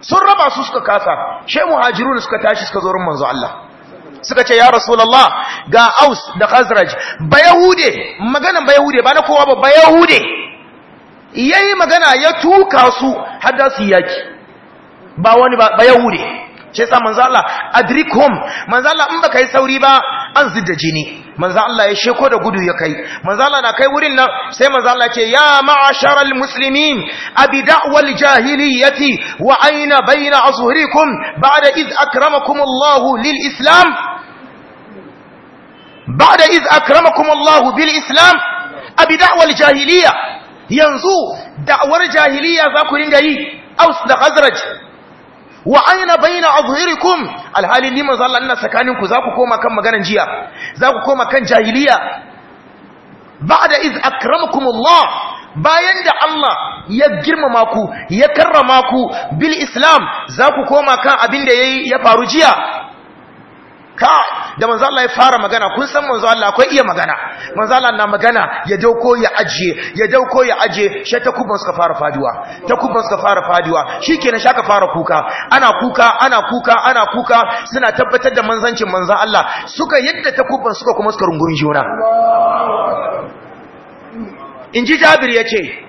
S1: sun raba su suka kasa she muhajirun suka tashi suka zo rumman manzo Allah suka ce ya rasulullah ga aus da khazraj ba yahude maganan ba yahude ba na kowa ba ba yahude yayi magana ya tuka su hadda su yaki ba wani ba ya wure shi yasa manzo Allah adrikum manzo Allah in baka yi sauri ba an zidda jini Manzala ya sheko da gudu ya kai Manzala na kai wurin nan sai Manzala ce ya ma'asharal muslimin abi da'wal jahiliyyati wa aina baina azhurikum Ba da iz Allah lil islam ba'da id akramakum bil islam abi da'wal jahiliyya yanzu da'war jahiliya za ku ringa yi aus da khazraj wa aina baina azhirikum alhali ni manzo Allah ina tsakanin ku za ku koma kan maganar jiya za ku koma kan jahiliya ba'da iz akramakumullah bayan da Allah ya girmama ku ya karrama ku bil islam za ku koma kan abin da ya faru jiya ka da manzo Allah ya fara magana kun san manzo Allah akwai iya magana manzo Allah na magana ya dauko ya ajiye ya dauko ya ajiye shi ta kubban suka fara faduwa ta kubban suka fara faduwa shikenan shaka fara kuka ana kuka ana kuka ana kuka suna tabbatar da manzancin manzo Allah suka yadda ta kubban suka kuma suka runguri juna inji Jabir yace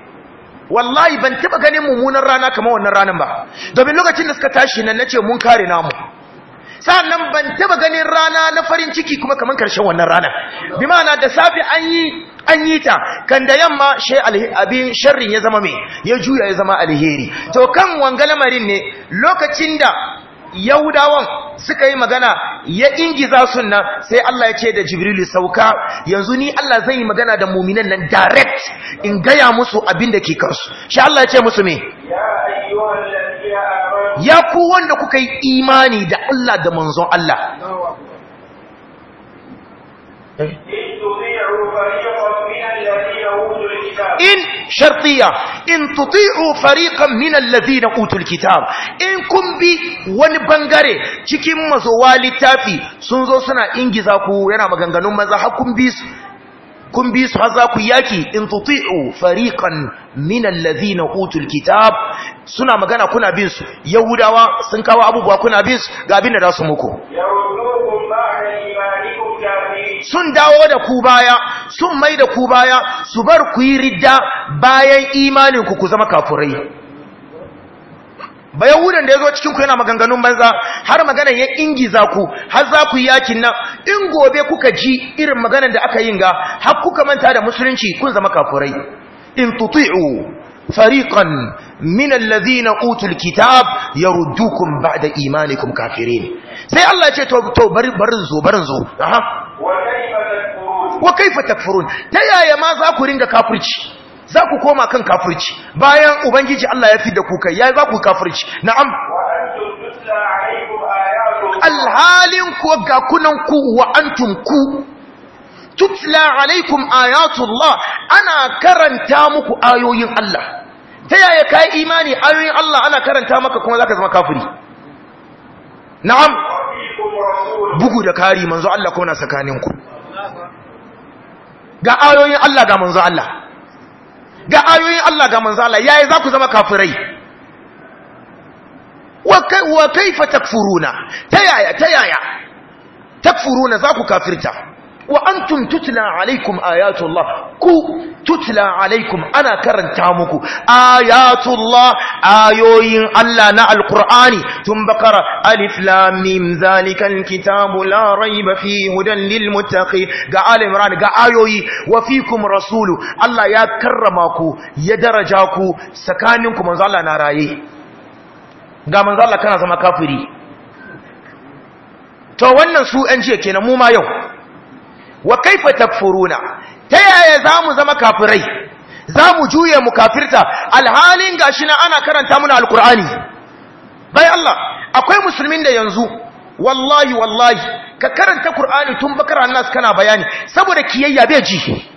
S1: wallahi ban taba ganin mummunan rana kamar wannan ranan ba domin lokacin da suka tashi nan nace mun kare namu sannan ban taba ganin rana na farin ciki kuma kamar karshen wannan rana bi ma'ana da safi an yi ta kan da yamma shay abin sharrin ya zama me ya juya ya zama alheri to kan wangalamarin ne lokacin da yaudawan suka yi magana ya ingiza sunna sai Allah ya ce da jibrilu sauka yanzu ni Allah zai yi magana da muminan nan direct in gaya musu abin da ke kansu shi Allah ya ce musu mai. ya ayyuhal ya ku wanda kuka yi imani da Allah da manzon Allah in shartiya in tuti'u fariqan min alladhina utul kitab in kun bi wani bangare cikin mazowa littafi sun zo suna ingiza ku yana maganganun maza har kun bi su kun bi su haza ku yaki in tuti'u fariqan min alladhina utul kitab suna magana kuna bin su yahudawa sun kawo abubuwa kuna bin su ga abin da za su muku sun dawo da ku baya sun mai da ku baya su bar ku yi ridda bayan imanin ku ku zama kafurai ba yahudan da ya zo cikinku yana maganganun banza har maganar ya ingiza ku har za ku yakin nan in gobe kuka ji irin maganar da aka yin ga har kuka manta da musulunci kun zama kafurai in tuti'u fariqan min alladhina utul kitab yarudukum ba'da imanikum kafirin sai Allah ya ce to to bari barin zo barin zo wa kaifa takfurun ta yaya ma za ku ringa kafirci za ku koma kan kafirci bayan ubangiji Allah ya fi da kuka, ya za ku kafirci na'am alhalin ku ga kunan ku wa antum ku tutla alaikum ayatullah ana karanta muku ayoyin Allah ta yaya kai imani ayoyin Allah ana karanta maka kuma zaka zama kafiri na'am bugu da kari manzo Allah ko na tsakaninku. ga ayoyin Allah ga manzo Allah ga ayoyin Allah ga Manzala Allah yayi za ku zama kafirai wa kaifa takfuruna ta yaya takfuruna za ku kafirta wa antum tutla alaikum ayatullah ku tutula alaikum ana karanta muku ayatullah ayoyin Allah na alkur'ani tun bakara alif lam mim kitabu la raiba fi hudan lil ga al ga ayoyi wa fikum rasulu Allah ya karrama ku ya daraja ku tsakaninku Manzala na raye ga Manzala kana zama kafiri to wannan su an ce kenan mu ma yau wa kaifa takfuruna ta yaya za mu zama kafirai za mu juye mu kafirta alhalin gashi na ana karanta muna alqur'ani bai Allah akwai musulmin da yanzu wallahi wallahi ka karanta qur'ani tun bakara annas kana bayani saboda kiyayya bai ji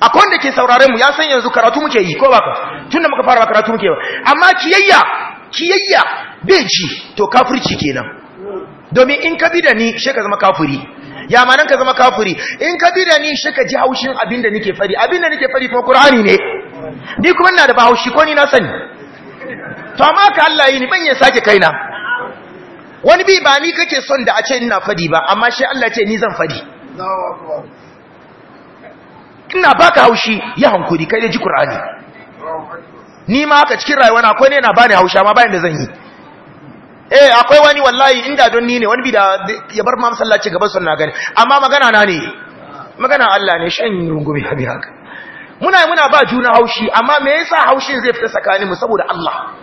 S1: akwai wanda ke sauraren mu ya san yanzu karatu muke yi ko baka tunda muka fara karatu muke ba amma kiyayya kiyayya bai ji to kafirci kenan domin in ka bi da ni shi ka zama kafuri. ya ma nan ka zama kafuri? in ka bi da ni shi ka ji haushin abin da nike fari abin da nike fari ko qur'ani ne ni kuma ina da bahaushi ko ni na sani to amma ka Allah yi ni ban ya sake na. wani bi ba ni kake son da a ce ina fadi ba amma shi Allah ce ni zan fadi ina baka haushi ya hankuri kai da ji qur'ani ni ma haka cikin rayuwa na akwai ne na bani haushi amma bayan da zan yi eh akwai wani wallahi inda don ni ne wani bi da ya bar ma masallaci gaban sunna gani amma magana na ne magana Allah ne shan rungume habi haka muna muna ba juna haushi amma me yasa haushin zai fita tsakaninmu saboda Allah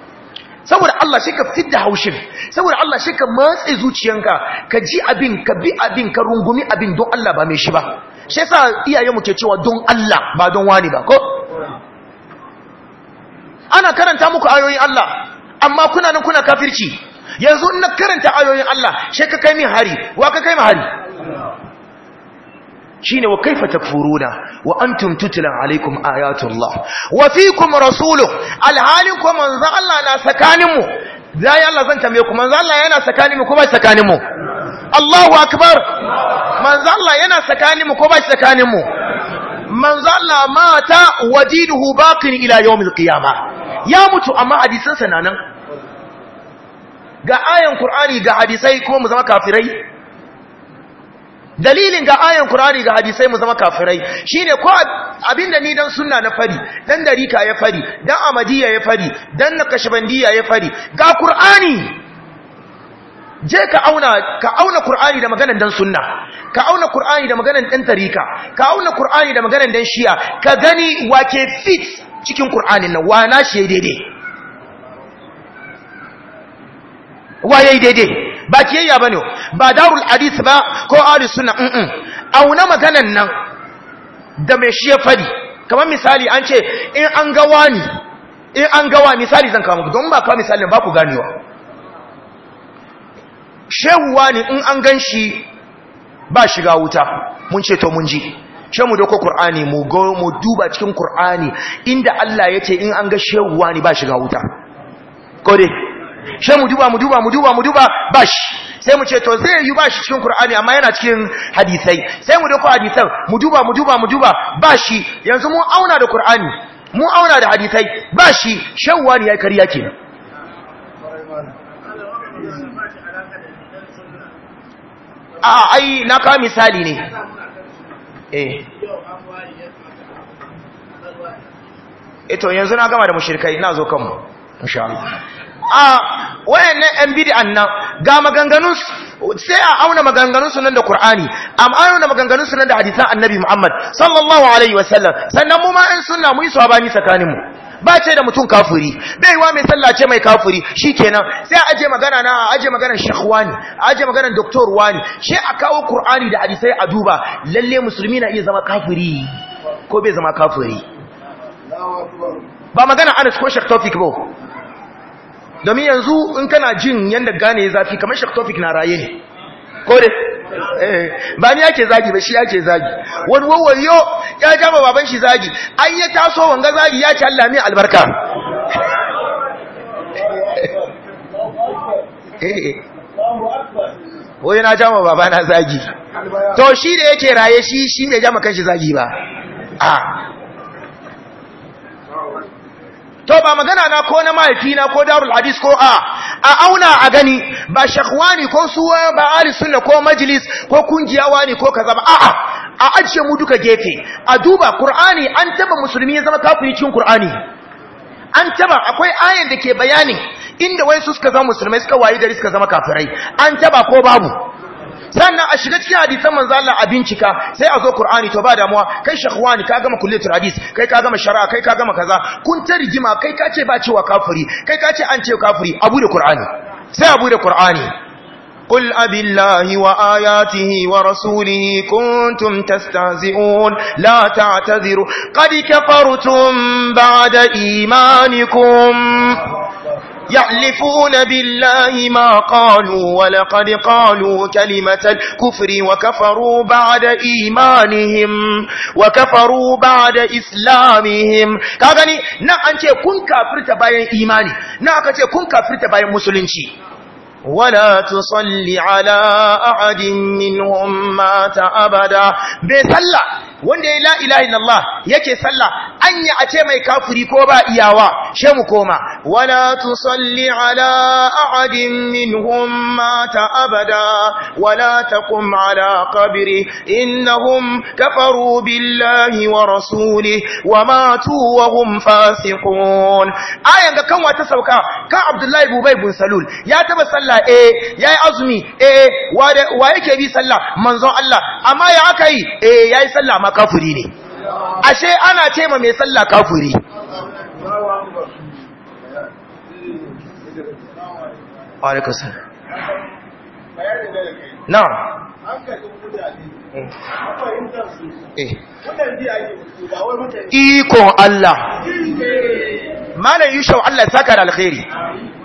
S1: saboda Allah shi ka fitar da haushin saboda Allah shi ka matse zuciyanka ka ji abin ka bi abin ka rungumi abin don Allah ba mai shi ba shi yasa iyayenmu ke cewa don Allah ba don wani ba ko ana karanta muku ayoyin Allah amma kuna nan kuna kafirci yanzu na karanta ayoyin Allah shi ka kai min hari wa ka kai min hari shine wa kaifa takfuruna wa antum tutla alaykum ayatullah wa fiikum rasuluhu alhalikum manzo Allah na sakaninmu zai Allah zan tambaye ku manzo Allah yana sakaninmu kuma sakaninmu Allahu akbar manzo Allah yana sakaninmu kuma sakaninmu manzo Allah mata wajiduhu baqin ila yawmil qiyamah ya mutu amma hadisin sa ga ayan Qur'ani ga hadisai kuma mu zama kafirai dalilin ga ayan Qur'ani ga hadisai mu zama kafirai shine ko abinda ni dan sunna na fari dan darika ya fari dan amadiya ya fari dan nakashbandiya ya fari ga Qur'ani je ka auna ka auna Qur'ani da maganan dan sunna ka auna Qur'ani da maganan dan tarika ka auna Qur'ani da maganan dan shi'a ka gani wake fit cikin Qur'anin nan wa na shi daidai wa yayi daidai ba kiyayya bane ba darul hadith ba ko ahlus sunna mm auna maganan nan da mai shi ya fadi kamar misali an ce in an ga wani in an gawa misali zan kawo muku don ba kawo misali ba ku ganewa shehu wani in an gan shi ba shiga wuta mun ce to mun ji she mu doko qur'ani mu go mu duba cikin qur'ani inda Allah yace in an ga shehu wani ba shiga wuta ko dai sai mu duba mu duba mu duba mu duba bashi sai mu ce to zai yi bashi cikin Qur'ani amma yana cikin hadisai sai mu dauko hadisan mu duba mu duba mu duba bashi yanzu mu auna da Qur'ani mu auna da hadisai bashi shawwani ya kariya kenan
S2: a ai na kawo misali ne
S1: eh eto eh, yanzu na gama da mushrikai ina zo kanmu insha Allah a wayannan yan bid'an nan ga maganganun sai a auna maganganun su nan da Qur'ani amma auna maganganun su nan da hadisan Annabi Muhammad sallallahu alaihi wasallam sannan mu ma in sunna mu yi sabani tsakanin mu ba ce da mutum kafiri wa mai sallah ce mai kafiri shikenan sai a aje magana na a aje maganar shekhwani a aje maganar doktor wani sai a kawo Qur'ani da hadisai a duba lalle musulmi na iya zama kafiri ko bai zama kafiri ba magana Anas ko Sheikh Tawfik ba domin yanzu in kana jin yanda gane zafi kamar Sheikh Tofik na raye ne ko da eh, ba ni yake zagi ba shi yake zagi wani wawayo ya jama baban shi zagi an ya taso wanga zagi ya ci Allah mai albarka eh, eh. wai na jama baba na zagi to shi da yake raye shi shi mai jama kanshi zagi ba a ah. to ba magana na ko na na ko darul hadis ko a a auna a gani ba shakwani ko suwa ba ali sunna ko majlis ko kungiyawa ne ko kaza ba a'a a ajiye mu duka gefe a duba qur'ani an taba musulmi ya zama kafiri cikin qur'ani an taba akwai ayan da ke bayani inda wai su suka zama musulmai suka wayi gari suka zama kafirai an taba ko babu sannan a shiga cikin hadisan manzo Allah a bincika sai a zo Qur'ani to ba damuwa kai shakhwani ka gama kullatul hadis kai ka gama shari'a kai ka gama kaza kun ta rigima kai ka ce ba cewa kafiri kai ka ce an ce kafiri abu da Qur'ani sai abu da Qur'ani قل أبي الله وآياته ورسوله كنتم تستهزئون لا تعتذروا قد كفرتم بعد إيمانكم يحلفون بالله ما قالوا ولقد قالوا كلمة الكفر وكفروا بعد إيمانهم وكفروا بعد إسلامهم كاغني نا أنت كن كافر باين إيماني نا أنت كن كافر باين مسلنشي ولا تصلي على أحد منهم مات أبدا بسلا wanda ya la ilaha illallah yake sallah yi a ce mai kafuri ko ba iyawa she mu koma wala salli ala ahadin minhum mata abada wala taqum ala qabri innahum kafaru billahi wa rasuli wa matu wa hum fasiqun ayan ga kanwa ta sauka kan abdullahi bubai bin salul ya taba sallah eh yayi azumi e wa yake bi sallah manzon Allah amma ya aka yi eh, ya yi sallah kafuri ne ashe ana ce ma mai sallah kafuri? na eh. ikon Allah yi shau Allah saka da alkhairi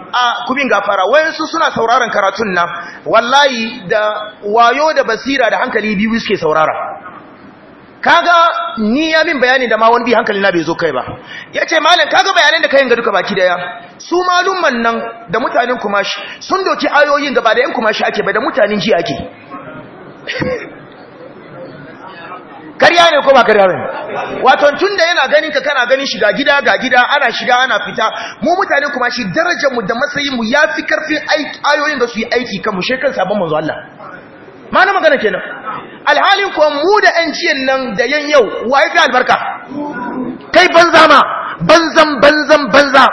S1: a kubin gafara wayansu suna sauraron karatun nan wallahi da wayo da basira da hankali biyu suke saurara kaga ni ya min bayani da ma wani bi hankali na bai zo kai ba ya ce malam kaga bayanan da kayan ga duka baki daya su malumman nan da mutanen kumashi sun doki ayoyin gaba da yan kumashi ake bai da mutanen ji ake karya ne ko ba karya ne wato tun da yana ganin ka kana ganin shiga gida ga gida ana shiga ana fita mu mutanen kumashi darajar mu da matsayin mu ya fi karfin ayoyin da su yi aiki kan mu shekar sabon manzo Allah ma na magana kenan alhalin kuwa mu da ‘yan jiyan nan da yan yau wa ya fi albarka kai banza ma banzan banzan banza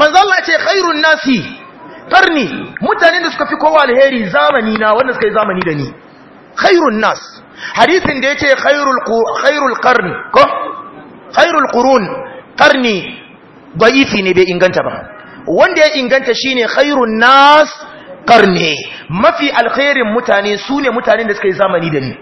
S1: manzalla ce khairun nasi karni mutanen da suka fi kowa alheri zamani na wanda suka yi zamani da ni khairun nas hadisin da ya ce khairul karni ko khairul kurun karni da'ifi ne bai inganta ba wanda ya inganta shine khairun nas qarni mafi alkhairin mutane sune mutanen da suka yi zamani da ni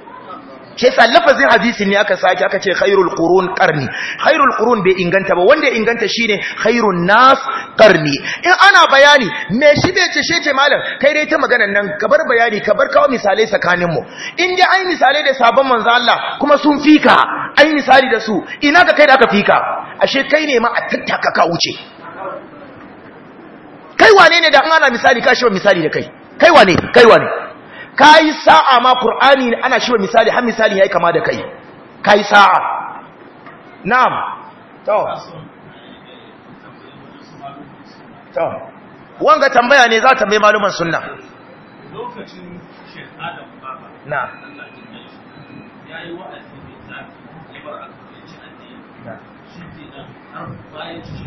S1: shi yasa lafazin hadisin ne aka sake aka ce khairul qurun qarni khairul qurun bai inganta ba wanda ya inganta shine khairun nas qarni in ana bayani me shi bai ce shece malam kai dai ta magana nan ka bar bayani ka bar kawo misalai tsakanin mu in dai ai misalai da sabon manzo Allah kuma sun fika ai misali da su ina ka kai da aka fika ashe kai ne ma a tattaka ka wuce kai wane ne da an ana misali ka shiwa misali da kai kai wane kai wane ka yi sa'a ma qur'ani ana shiwa misali har misali ya yi kama da kai ka yi sa'a na'am to to wanga tambaya ne za ta bai maluman sunna
S2: lokacin shek adam baba na ya yi wa'azi da bar addini na shi ne na bayan shi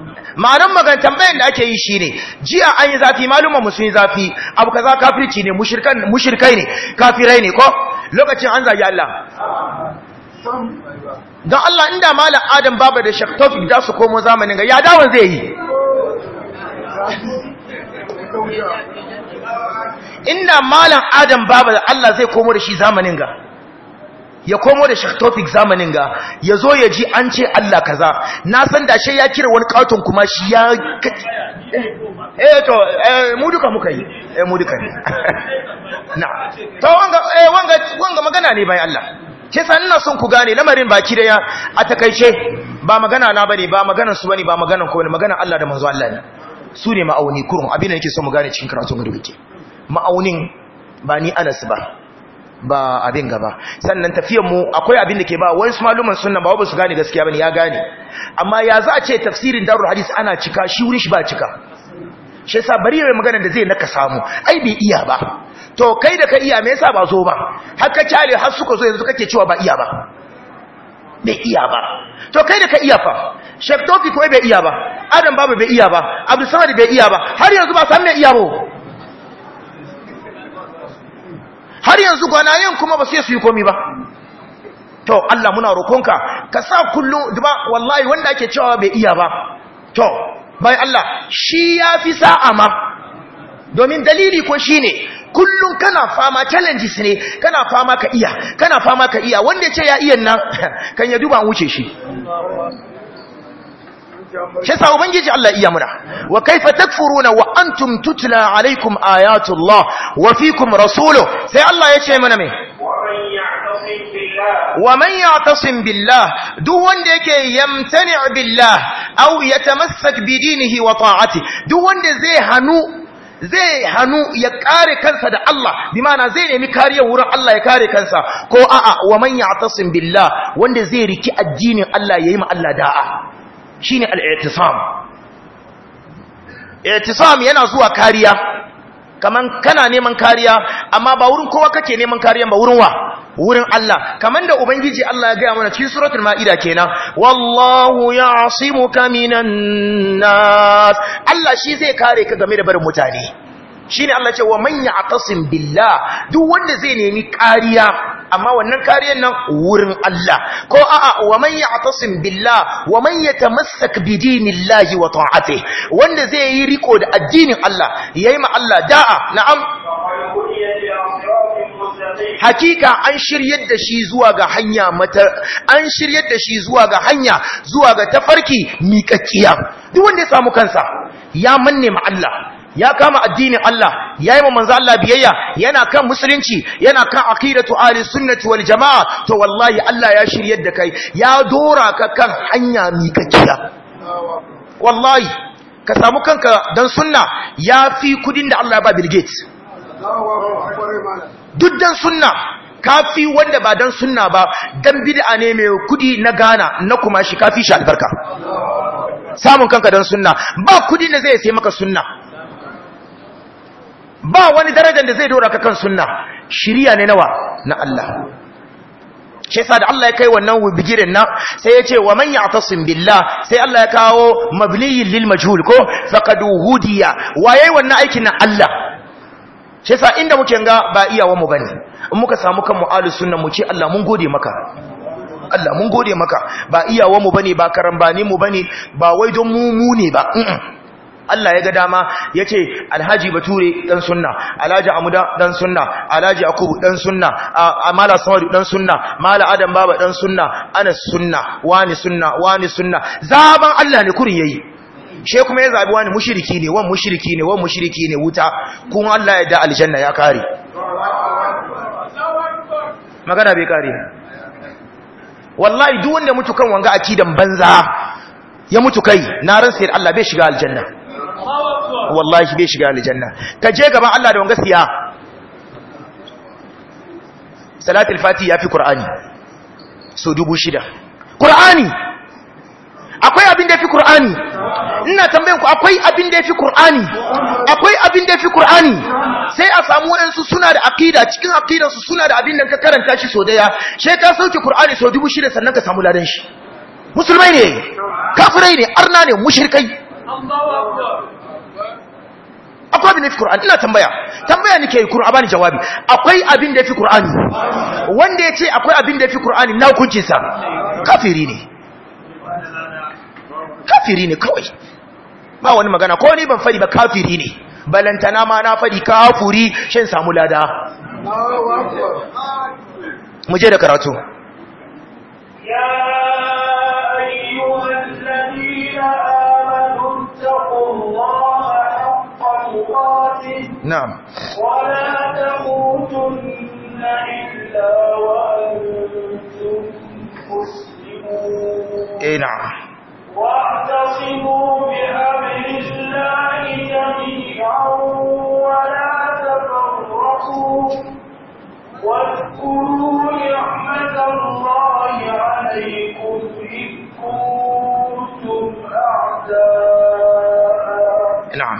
S1: malum magan tambayan da ake yi shi ne, jiya an yi zafi mu sun yi zafi abu kaza kafirci ne mushirkai ne kafirai ne ko lokacin an zagi Allah don Allah inda malam adam baba da shaktofi da za su komo zamanin ga ya zai yi inda malam adam baba da Allah zai komo da shi zamanin ga ya komo da shaktopic zamanin ga ya zo ya ji an ce Allah kaza na san da shi ya kira wani kautun kuma shi ya eh to eh mu duka muka yi eh mu duka ne na to wanga eh wanga wanga magana ne bai Allah ke san ina son ku gane lamarin baki da ya a takaice ba magana na bane ba maganar su bane ba maganar ko ne maganar Allah da manzo Allah ne su ne ma'auni kurum abin da nake son mu gane cikin karatun mu duke ma'aunin ba ni Anas ba ba abin gaba sannan tafiyar mu akwai abin da ke ba wani su maluman sunna ba ba su gane gaskiya bane ya gane amma ya za a ce tafsirin darul hadis ana cika shi wurin shi ba cika shi yasa bari yayi magana da zai naka samu ai bai iya ba to kai da ka iya me yasa ba zo ba haka ka har suka zo yanzu kake cewa ba iya ba bai iya ba to kai da ka iya fa shek Tofi ko bai iya ba Adam Babu bai iya ba Abdul Samad bai iya ba har yanzu ba san me iya ba har yanzu gwana gwanayen kuma ba sai su yi komi ba to Allah muna rokonka ka sa kullum duba wallahi wanda ake cewa bai iya ba to bai Allah shi ya fi sa'a ma domin dalili ko shi ne kullum kana fama challenges ne kana fama ka iya kana fama ka iya wanda ce ya iya nan kan ya duba wuce shi shi sa ubangiji Allah iya muna wa kaifa takfuruna wa antum tutla alaikum ayatullah wa fikum rasuluhu sai Allah ya ce mana me wa man ya'tasim billah duk wanda yake yamtani billah aw yatamassak bi dinihi wa ta'ati duk wanda zai hanu zai hannu ya kare kansa da Allah bi zai nemi kariyar wurin Allah ya kare kansa ko a'a wa man ya'tasim billah wanda zai riki addinin Allah yayi ma Allah da'a shine al-i'tisam i'tisam yana zuwa kariya kaman kana neman kariya amma ba wurin kowa kake neman kariya ba wurin wa wurin Allah kaman da ubangiji Allah ya gaya mana cikin suratul maida kenan wallahu ya'simuka minan nas Allah shi zai kare ka game da barin mutane ne Allah ce wa manya a tasin billa duk wanda zai nemi kariya amma wannan kariyar nan wurin Allah ko a'a wa manya a tasin billa wa ta yatamassak bi lahi wa ta'atihi wanda zai yi riko da addinin Allah ya yi ma'alla da'a na'am hakika an shiryar da shi zuwa ga hanya matar an shiryar da shi zuwa ga hanya zuwa ga tafarki miƙaƙiya duk wanda ya samu kansa ya manne ma Allah ya kama addinin Allah ya yi manzo Allah biyayya yana kan musulunci yana kan aqidatu ahli sunnati wal jamaa to wallahi Allah ya shiryar da kai ya dora ka kan hanya mikakkiya wallahi ka samu kanka dan sunna ya fi kudin da Allah ya ba Bill Gates duk dan sunna kafi wanda ba dan sunna ba dan bid'a ne mai kudi na Ghana na kuma shi fi shi albarka samun kanka dan sunna ba kuɗin da zai sai maka sunna ba wani darajar da zai dora ka kan sunna shirya ne nawa na Allah shi da Allah ya kai wannan bigirin na sai ya ce wa man ya'tasim billah sai Allah ya kawo mabniyin lil majhul ko faqad hudiya waye wannan aikin na Allah shi yasa inda muke ga ba iyawa mu bane in muka samu kan mu'alu sunna mu ce Allah mun gode maka Allah mun gode maka ba iyawa mu bane ba karambani mu bane ba wai don mu mu ne ba Allah ya ga dama ya ce alhaji bature dan sunna alhaji amuda dan sunna alhaji akubu dan sunna amala sawadu dan sunna mala adam baba dan sunna ana sunna wani sunna wani sunna zaban Allah ne kurin yayi she kuma ya zabi wani mushriki ne wani mushriki ne wani mushriki ne wuta kuma Allah ya da aljanna ya kare magana bai kare wallahi duk wanda mutukan wanga akidan banza ya mutu kai na ran sai Allah bai shiga aljanna wallahi shi bai shiga aljanna ka je gaban Allah da wanga siya salatul fati yafi qur'ani so dubu shida qur'ani akwai abin da yafi qur'ani ina tambayan ku akwai abin da yafi qur'ani akwai abin da yafi qur'ani sai a samu wayansu suna da aqida cikin aqidan suna da abin da ka karanta shi so daya sai ka sauke qur'ani so dubu shida sannan ka samu ladan shi musulmai ne kafirai ne arna ne mushrikai akwai abin da fi ƙur'ani ina tambaya tambaya nake yi ƙur'a bani jawabi akwai abin da fi ƙur'ani wanda ya ce akwai abin da fi ƙur'ani na hukuncinsa kafiri ne kafiri ne kawai ba wani magana ko ni ban fari ba kafiri ne balantana ma na fari kafuri shan samu lada mu je da karatu يا أيها الذين
S2: آمنوا اتقوا الله
S1: نعم ولا تموتن إلا وأنتم مسلمون إيه نعم
S2: واعتصموا بأمر الله جميعا ولا تفرقوا واذكروا نعمة الله عليكم إذ كنتم أعداء نعم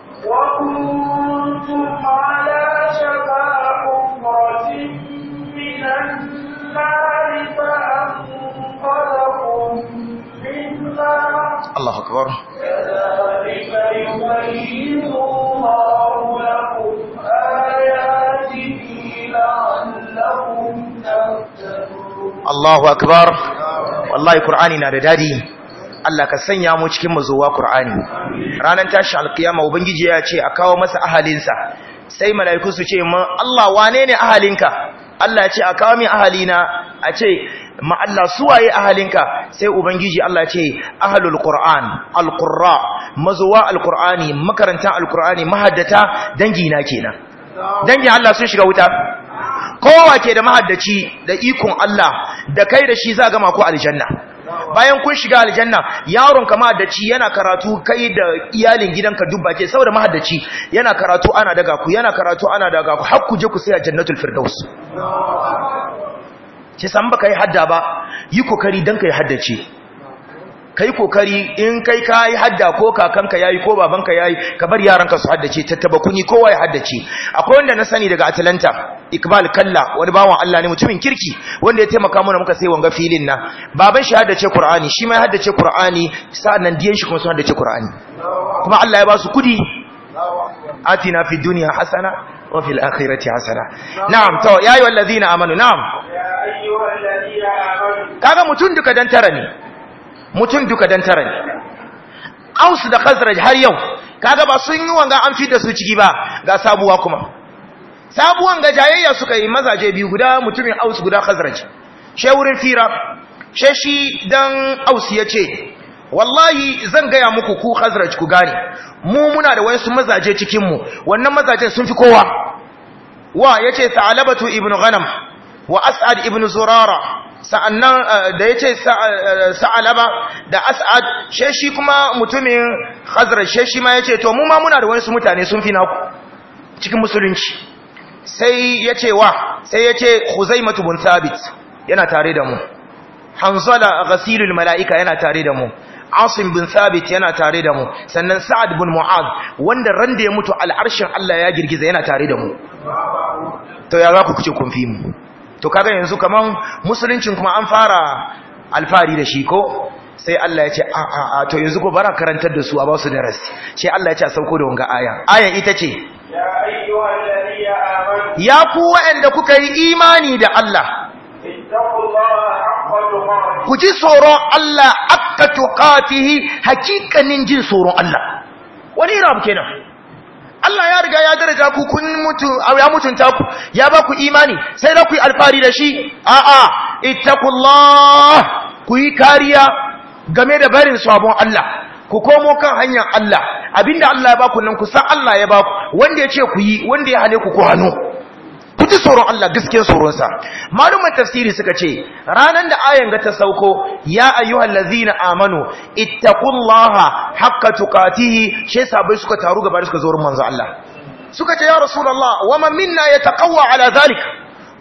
S1: أكبر كذلك يبين الله na آياته لعلكم الله أكبر والله قرآني Allah ka sanya mu cikin mazuwa Qur'ani ranar tashi alkiyama ubangiji ya ce a kawo masa ahalinsa sai mala'iku su ce man Allah wane ne ahalinka Allah ya ce a kawo min ahalina a ce ma Allah suwaye ahalinka sai ubangiji Allah ce ahlul qur'an alqurra mazuwa alqur'ani makaranta alqur'ani mahaddata dangi na kenan dangi Allah sun shiga wuta kowa ke da mahaddaci da ikon Allah da kai da shi za gama ku aljanna bayan kun shiga aljanna yaron ka mahaddaci yana karatu kai da iyalin gidanka duk bake saboda mahaddaci yana karatu ana daga ku yana karatu ana daga ku har ku je ku sai jannatul firdaus ki san baka yi hadda ba yi kokari dan kai haddace kai kokari in kai kai hadda ko kakanka yayi ko babanka yayi ka bar yaranka su haddace tattaba kuni kowa ya haddace akwai wanda na sani daga Atlanta ikbal Kalla wani bawan Allah ne mutumin kirki wanda ya taimaka mana muka sai wanga filin na baban shi haddace Qur'ani shi ma haddace Qur'ani sa'annan diyan shi kuma su haddace Qur'ani kuma Allah ya ba su kudi atina fi dunya hasana fil akhirati hasana na'am to يا أيها ladina amanu na'am kaga mutum duka dan tara ne mutum duka dan tara ne aus da khazraj har yau kaga ba sun yi wanga an fita su ciki ba ga sabuwa kuma sabuwan ga jayayya suka yi mazaje biyu guda mutumin aus guda khazraj Shewurin wurin fira she shi dan aus yace wallahi zan gaya muku ku khazraj ku gane mu muna da wasu mazaje cikin mu wannan mazaje sun fi kowa wa yace sa'alabatu ibnu ghanam wa as'ad ibnu zurara sa'annan eh, da ya ce sa'alaba eh, da as'ad she kuma mutumin hazara she ma ya ce to mu ma muna da wasu mutane sun fi naku cikin musulunci sai ya ce wa sai ya ce bin sabit yana tare da mu hanzala ghasilul mala'ika yana tare da mu asim bin sabit yana tare da mu sannan sa'ad bin Mu'ad wanda ran da ya mutu al'arshin Allah ya girgiza yana tare da mu to ya za ku kuce kun fi mu to kaga yanzu kaman musuluncin kuma an fara alfari da shi ko sai Allah ya ce a a a to yanzu ko bara karantar da su a ba su darasi sai Allah ya ce a sauko da wanga aya aya ita ce ya ku waɗanda kuka yi imani da Allah ku ji tsoron Allah akka tuqatihi hakikanin jin tsoron Allah wani rabu kenan Allah ya riga ya daraja ku kun mutu aw ya mutunta ku ya ba ku imani sai da ku alfari da shi a'a ittaqullah ku yi kariya game da barin sabon Allah ku komo kan hanyar Allah abinda Allah ya ba ku nan ku san Allah ya ba ku wanda ya ce ku yi wanda ya hale ku ku hannu ku ji tsoron Allah gaskiyar tsoronsa malumar tafsiri suka ce ranan da ayan ga ta sauko ya ayyuhal ladzina amanu ittaqullaha haqqa tuqatihi shi sabai suka taru gaba da suka zo manzo Allah suka ce ya rasulullah wa man minna yataqawwa ala zalik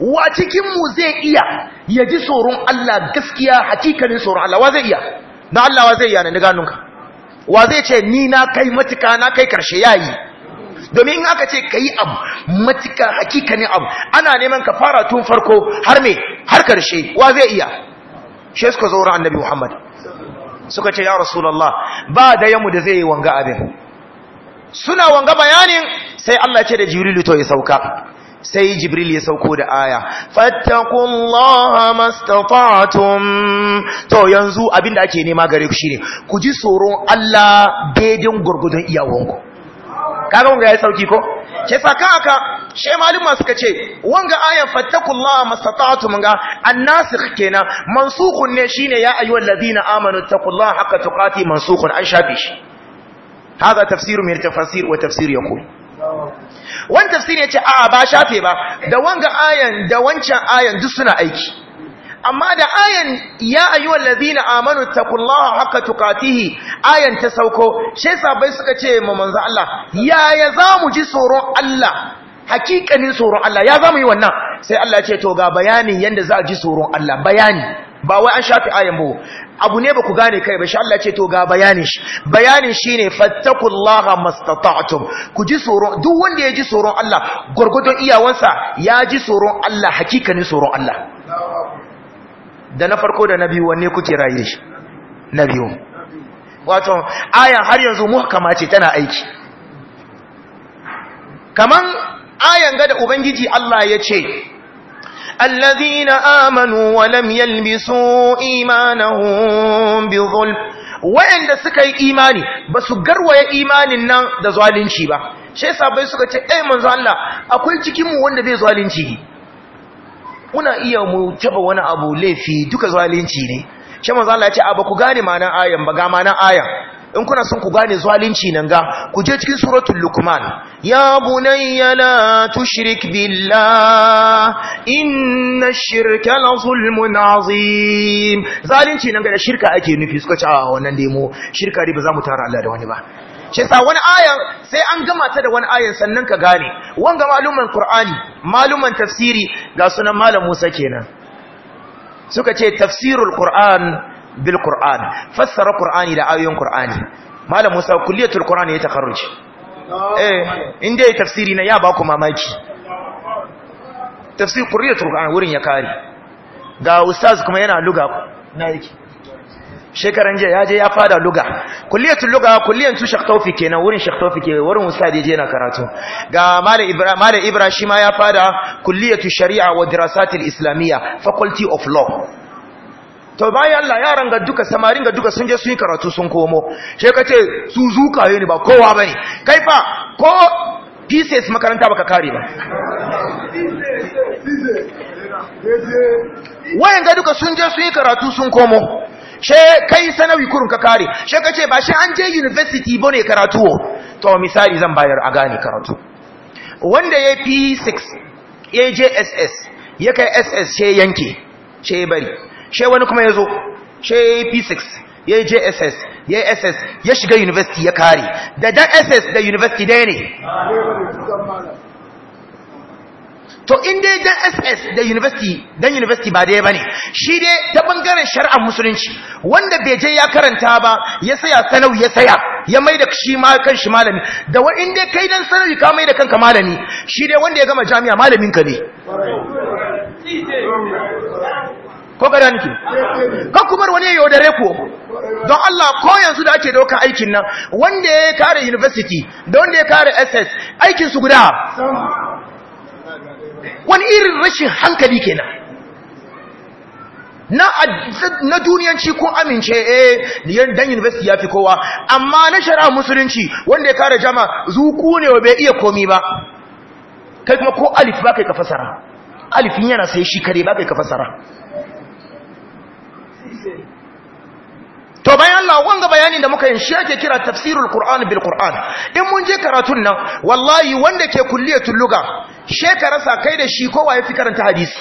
S1: wa cikin mu zai iya ya ji tsoron Allah gaskiya hakikanin tsoron Allah wa zai iya na Allah wa zai iya ne ganunka wa zai ce ni na kai matuka na kai karshe yayi domin in aka ce ka yi abu matuka hakika ne abu ana neman ka fara tun farko har me har karshe wa zai iya shi suka zo annabi muhammad suka ce ya rasulallah ba da yamu da zai yi wanga abin suna wanga bayanin sai allah ce da jibrilu to ya sauka sai jibril ya sauko da aya fattakullaha mastata'tum to yanzu abinda ake nema gare ku shine ku ji tsoron Allah daidin gurgudun iyawanku kaga wanga yayi sauki ko ke saka aka she maluma suka ce wanga ayan fattakullaha mastata'tum ga annasikh kenan mansukhun ne shine ya ayyuhal ladina amanu taqullaha haqqa tuqati mansukhun an shafi shi hada tafsiru min tafsir wa tafsir yaqul wan tafsir yace a ba shafe ba da wanga ayan da wancan ayan duk suna aiki amma da ayan ya ayyuhal Lazina amanu taqullaha haka tukatihi, ayan ta sauko sai sabai suka ce ma manzo Allah yaya mu ji tsoron Allah hakikanin tsoron Allah ya mu yi wannan sai Allah ce to ga bayanin yadda za a ji tsoron Allah bayani ba wai an shafi ayan ba abu ne ba ku gane kai ba shi Allah ce to ga bayanin shi bayanin shi ne fattakullaha mastata'tum ku ji tsoron duk wanda ya ji tsoron Allah gurgudun iyawansa ya ji tsoron Allah hakikanin tsoron Allah da na farko da na biyu wanne kuke raye shi na biyu wato ayan har yanzu muhkama ce tana aiki kaman ayan ga da ubangiji Allah ya ce الذين آمنوا ولم يلبسوا إيمانهم بظلم wa'anda suka yi imani basu garwaye imanin nan da zalunci ba Shesa bai suka ce eh manzo Allah akwai cikin mu wanda zai zalunci muna iya mu taba wani abu laifi duka zalunci ne shi manzo Allah ya ce a ku gane ma'anar ayan ba ga ma'anar ayan in kuna son ku gane zalunci nan ga ku je cikin suratul luqman ya bunayya la tushrik billah inna shirka la zulmun azim zalunci nan ga shirka ake nufi suka ce a wannan demo shirka dai ba za mu tara Allah da wani ba shi sa wani ayan sai an gama ta da wani ayan sannan ka gane wanga maluman qur'ani maluman tafsiri ga sunan malam Musa kenan suka ce tafsirul qur'an bil qur'an fassara qur'ani da ayoyin qur'ani malam Musa kulliyatul qur'ani ya takarruj eh inda ya tafsiri na ya ba ku mamaki tafsir kulliyatul qur'an wurin ya kare ga ustaz kuma yana luga na yake shekaran jiya ya je ya fada luga kulliyatul luga kulliyan tu shekh tawfik kenan wurin shekh tawfik wurin ustadi je na karatu ga malam Ibrahim malam ibrahim ya fada kulliyatul shari'a wa dirasatil islamiyya faculty of law to bayan Allah yaran ga duka samarin ga duka sun je sun yi karatu sun komo she kace su yi ne ba kowa bane kai fa ko pieces makaranta baka kare ba wayan ga duka sun je sun yi karatu sun komo she kai sanawi kurun ka kare she ka ce ba shi an je university ba ne karatu to misali zan bayar a gane karatu wanda ya p6 ya je ss ya kai ss she yanke she bari she wani kuma ya zo she p6 ya je ss ya ss ya shiga university ya kare da dan ss da university dai ne to in dai dan ss da university dan university ba dai bane shi dai ta bangaren shari'ar musulunci wanda bai je ya karanta ba ya saya sanau ya saya ya mai da shi ma kan shi malami da wa in kai dan sanau ka mai da kanka malami shi dai wanda ya gama jami'a malamin ka ne ko gada nake ka kuma wani ya yaudare ku don Allah ko yanzu da ake daukan aikin nan wanda ya kare university da wanda ya kare ss aikin su guda wani irin rashin hankali kenan na duniyanci ko amince eh dan university ya fi kowa amma na shari'a musulunci wanda ya kare jama zuku ne wa bai iya komi ba kai kuma ko alif ba kai ka fasara alifin yana sai shi kare ba kai ka fasara to bayan Allah wanga bayani da muka yin shi yake kira tafsirul qur'an bil qur'an in mun je karatun nan wallahi wanda ke kulliyatul lugha shekarasa kai da shi kowa ya fi karanta hadisi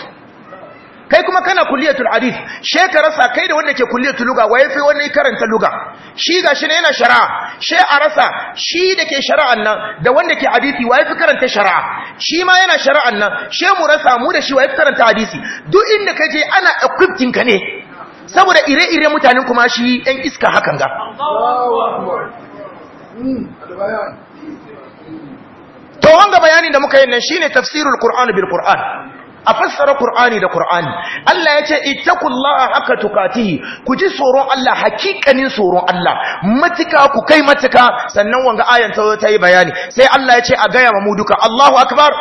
S1: kai kuma kana kulliyatul hadith shekarasa kai da wanda ke kulliyatul luga waye fi wanda ya karanta luga shi gashi ne yana shara'a she a rasa shi da ke shari'an nan da wanda ke hadisi waye fi karanta shara'a shi ma yana shari'an nan she mu rasa mu da shi waye fi karanta hadisi duk inda ka je ana equipping ka ne saboda ire-ire mutanen kuma shi yan iska hakan ga to wanga bayanin da muka yi nan shine tafsirul qur'ani bil qur'an a fassara qur'ani da qur'ani Allah yace ittaqullaha haka tukatihi ku ji tsoron Allah hakikanin tsoron Allah matuka ku kai matuka sannan wanga ayan ta ta yi bayani sai Allah yace a gaya ma mu duka Allahu akbar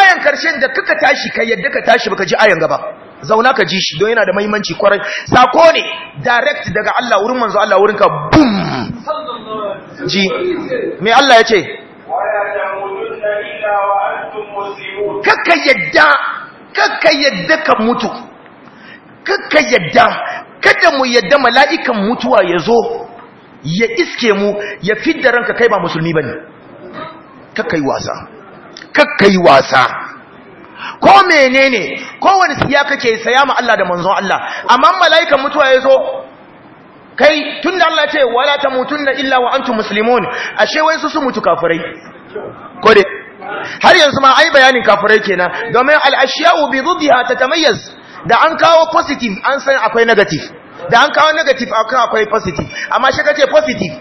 S1: ayan karshen da kaka tashi kai yadda ka tashi baka ji ayan gaba zauna ka ji shi don yana da mahimmanci kwarai sako ne direct daga Allah wurin manzo Allah wurin ka bum ji me Allah ya ce kaka yadda kaka yadda ka mutu kaka yadda kada mu yadda mala'ikan mutuwa ya zo ya iske mu ya fidda ranka kai ba musulmi bane kaka yi wasa kaka yi wasa ko menene kowane siya kake saya ma Allah da manzon Allah amma mala'ikan mutuwa ya zo kai tunda Allah ce wala tamutunna illa wa antum muslimun ashe wai su su mutu kafirai ko dai har yanzu ma ai bayanin kafirai kenan domin al'ashiyawu bi zuddiha tatamayyaz da an kawo positive an san akwai negative da an kawo negative akwai positive amma shi kace positive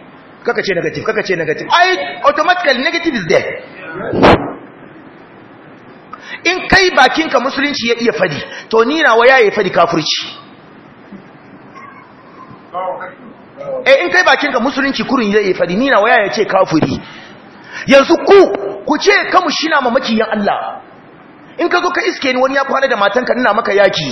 S1: kaka ce negative kaka ce negative ai automatically negative is there in kai bakinka musulunci ya iya fadi to ni na waya ya fadi kafirci eh in kai bakinka musulunci kurun ya iya fadi ni na waya ya ce kafiri yanzu ku ku ce kamu shina ma makiyan Allah in ka zo ka iske ni wani ya kwana da matanka ina maka yaki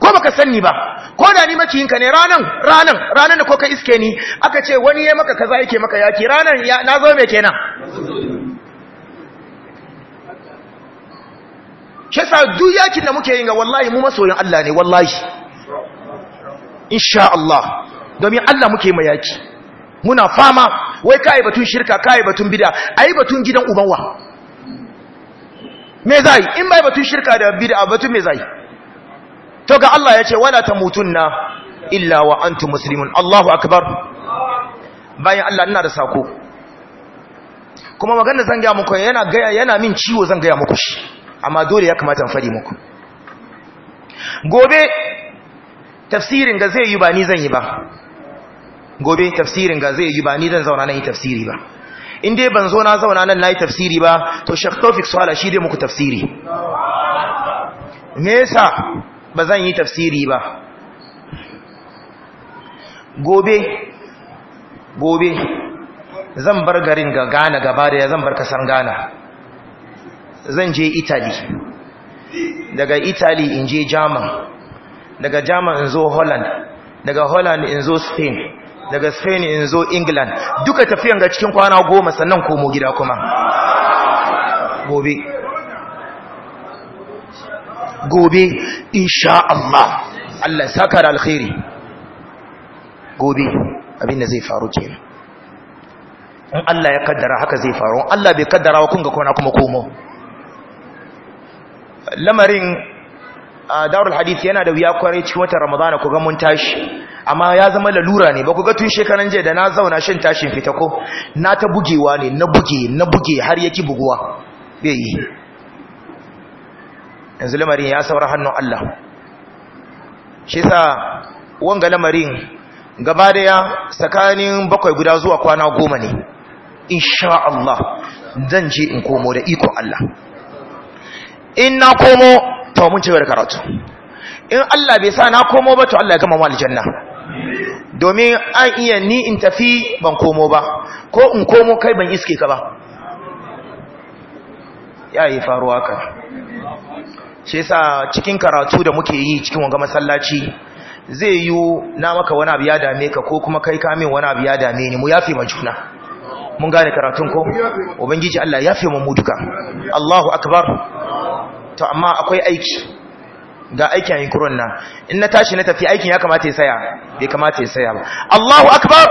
S1: ko baka sanni ba ko da ni makiyinka ne ranan ranan ranan da ko ka iske ni aka ce wani ya maka kaza yake maka yaki ranan na zo me kenan shi sa duk yakin da muke yin ga wallahi mu masoyin Allah ne wallahi insha Allah domin Allah muke mai yaki muna fama wai kai batun shirka kai batun bid'a ai batun gidan ubanwa me zai in bai batun shirka da bid'a batun me zai to ga Allah yace wala tamutunna illa wa antum muslimun Allahu akbar bayan Allah ina da sako kuma magana zan ga muku yana ga yana min ciwo zan ga muku shi amma dole ya kamata in fadi muku gobe tafsirin ga zai yi ba ni zan yi ba gobe tafsirin ga zai yi ba ni zan zauna nan yi tafsiri ba in dai ban zo na zauna nan na yi tafsiri ba to shek tofik suhala shi dai muku tafsiri me ba zan yi tafsiri ba gobe gobe zan bar garin ga gana gaba da zan bar kasar gana zan je Itali. daga italy in je german daga german in zo holland daga holland in zo spain daga spain in zo england duka tafiyan ga cikin kwana goma sannan komo gida kuma gobe gobe insha Allah Allah saka da alkhairi gobe abinda zai faru ke in Allah ya kaddara haka zai faru Allah bai kaddara wa kun ga kwana kuma komo lamarin darul hadith yana da wuya kwarai cikin watan ramadana ko ga mun tashi amma ya zama lalura ne ba ku ga tun shekaran jiya da na zauna shan tashin fita ko na ta bugewa ne na buge na buge har yaki buguwa bai yi yanzu lamarin ya saura hannun Allah shi sa wanga lamarin gaba daya tsakanin bakwai guda zuwa kwana goma ne insha Allah zan je in komo da iko Allah in na komo to mun cewa da karatu in Allah bai sa na komo ba to Allah ya gama mu aljanna domin an iya ni in tafi ban komo ba ko in komo kai ban iske ka ba yayi faruwa ka shi yasa cikin karatu da muke yi cikin wanga masallaci zai yi na maka wani abu ya dame ka ko kuma kai kamin wani abu ya dame ni mu yafe ma juna mun gane karatun ko ubangiji Allah ya yafe mu duka Allahu akbar to amma akwai aiki ga aikin yunkurin nan in na tashi na tafi aikin ya kamata ya saya bai kamata ya saya ba Allahu akbar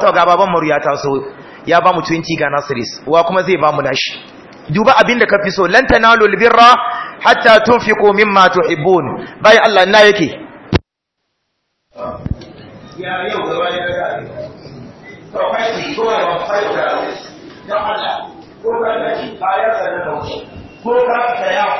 S1: to ga baban Maru ya taso ya ba mu 20 ga nasiris wa kuma zai ba mu nashi duba abin da kafi so lan tanalu albirra hatta tunfiqu mimma tuhibbun bai Allah ina yake ya yau gaba ne daga to kai ki ko ya
S2: fara da Allah ko ka da shi kaya ko ka ya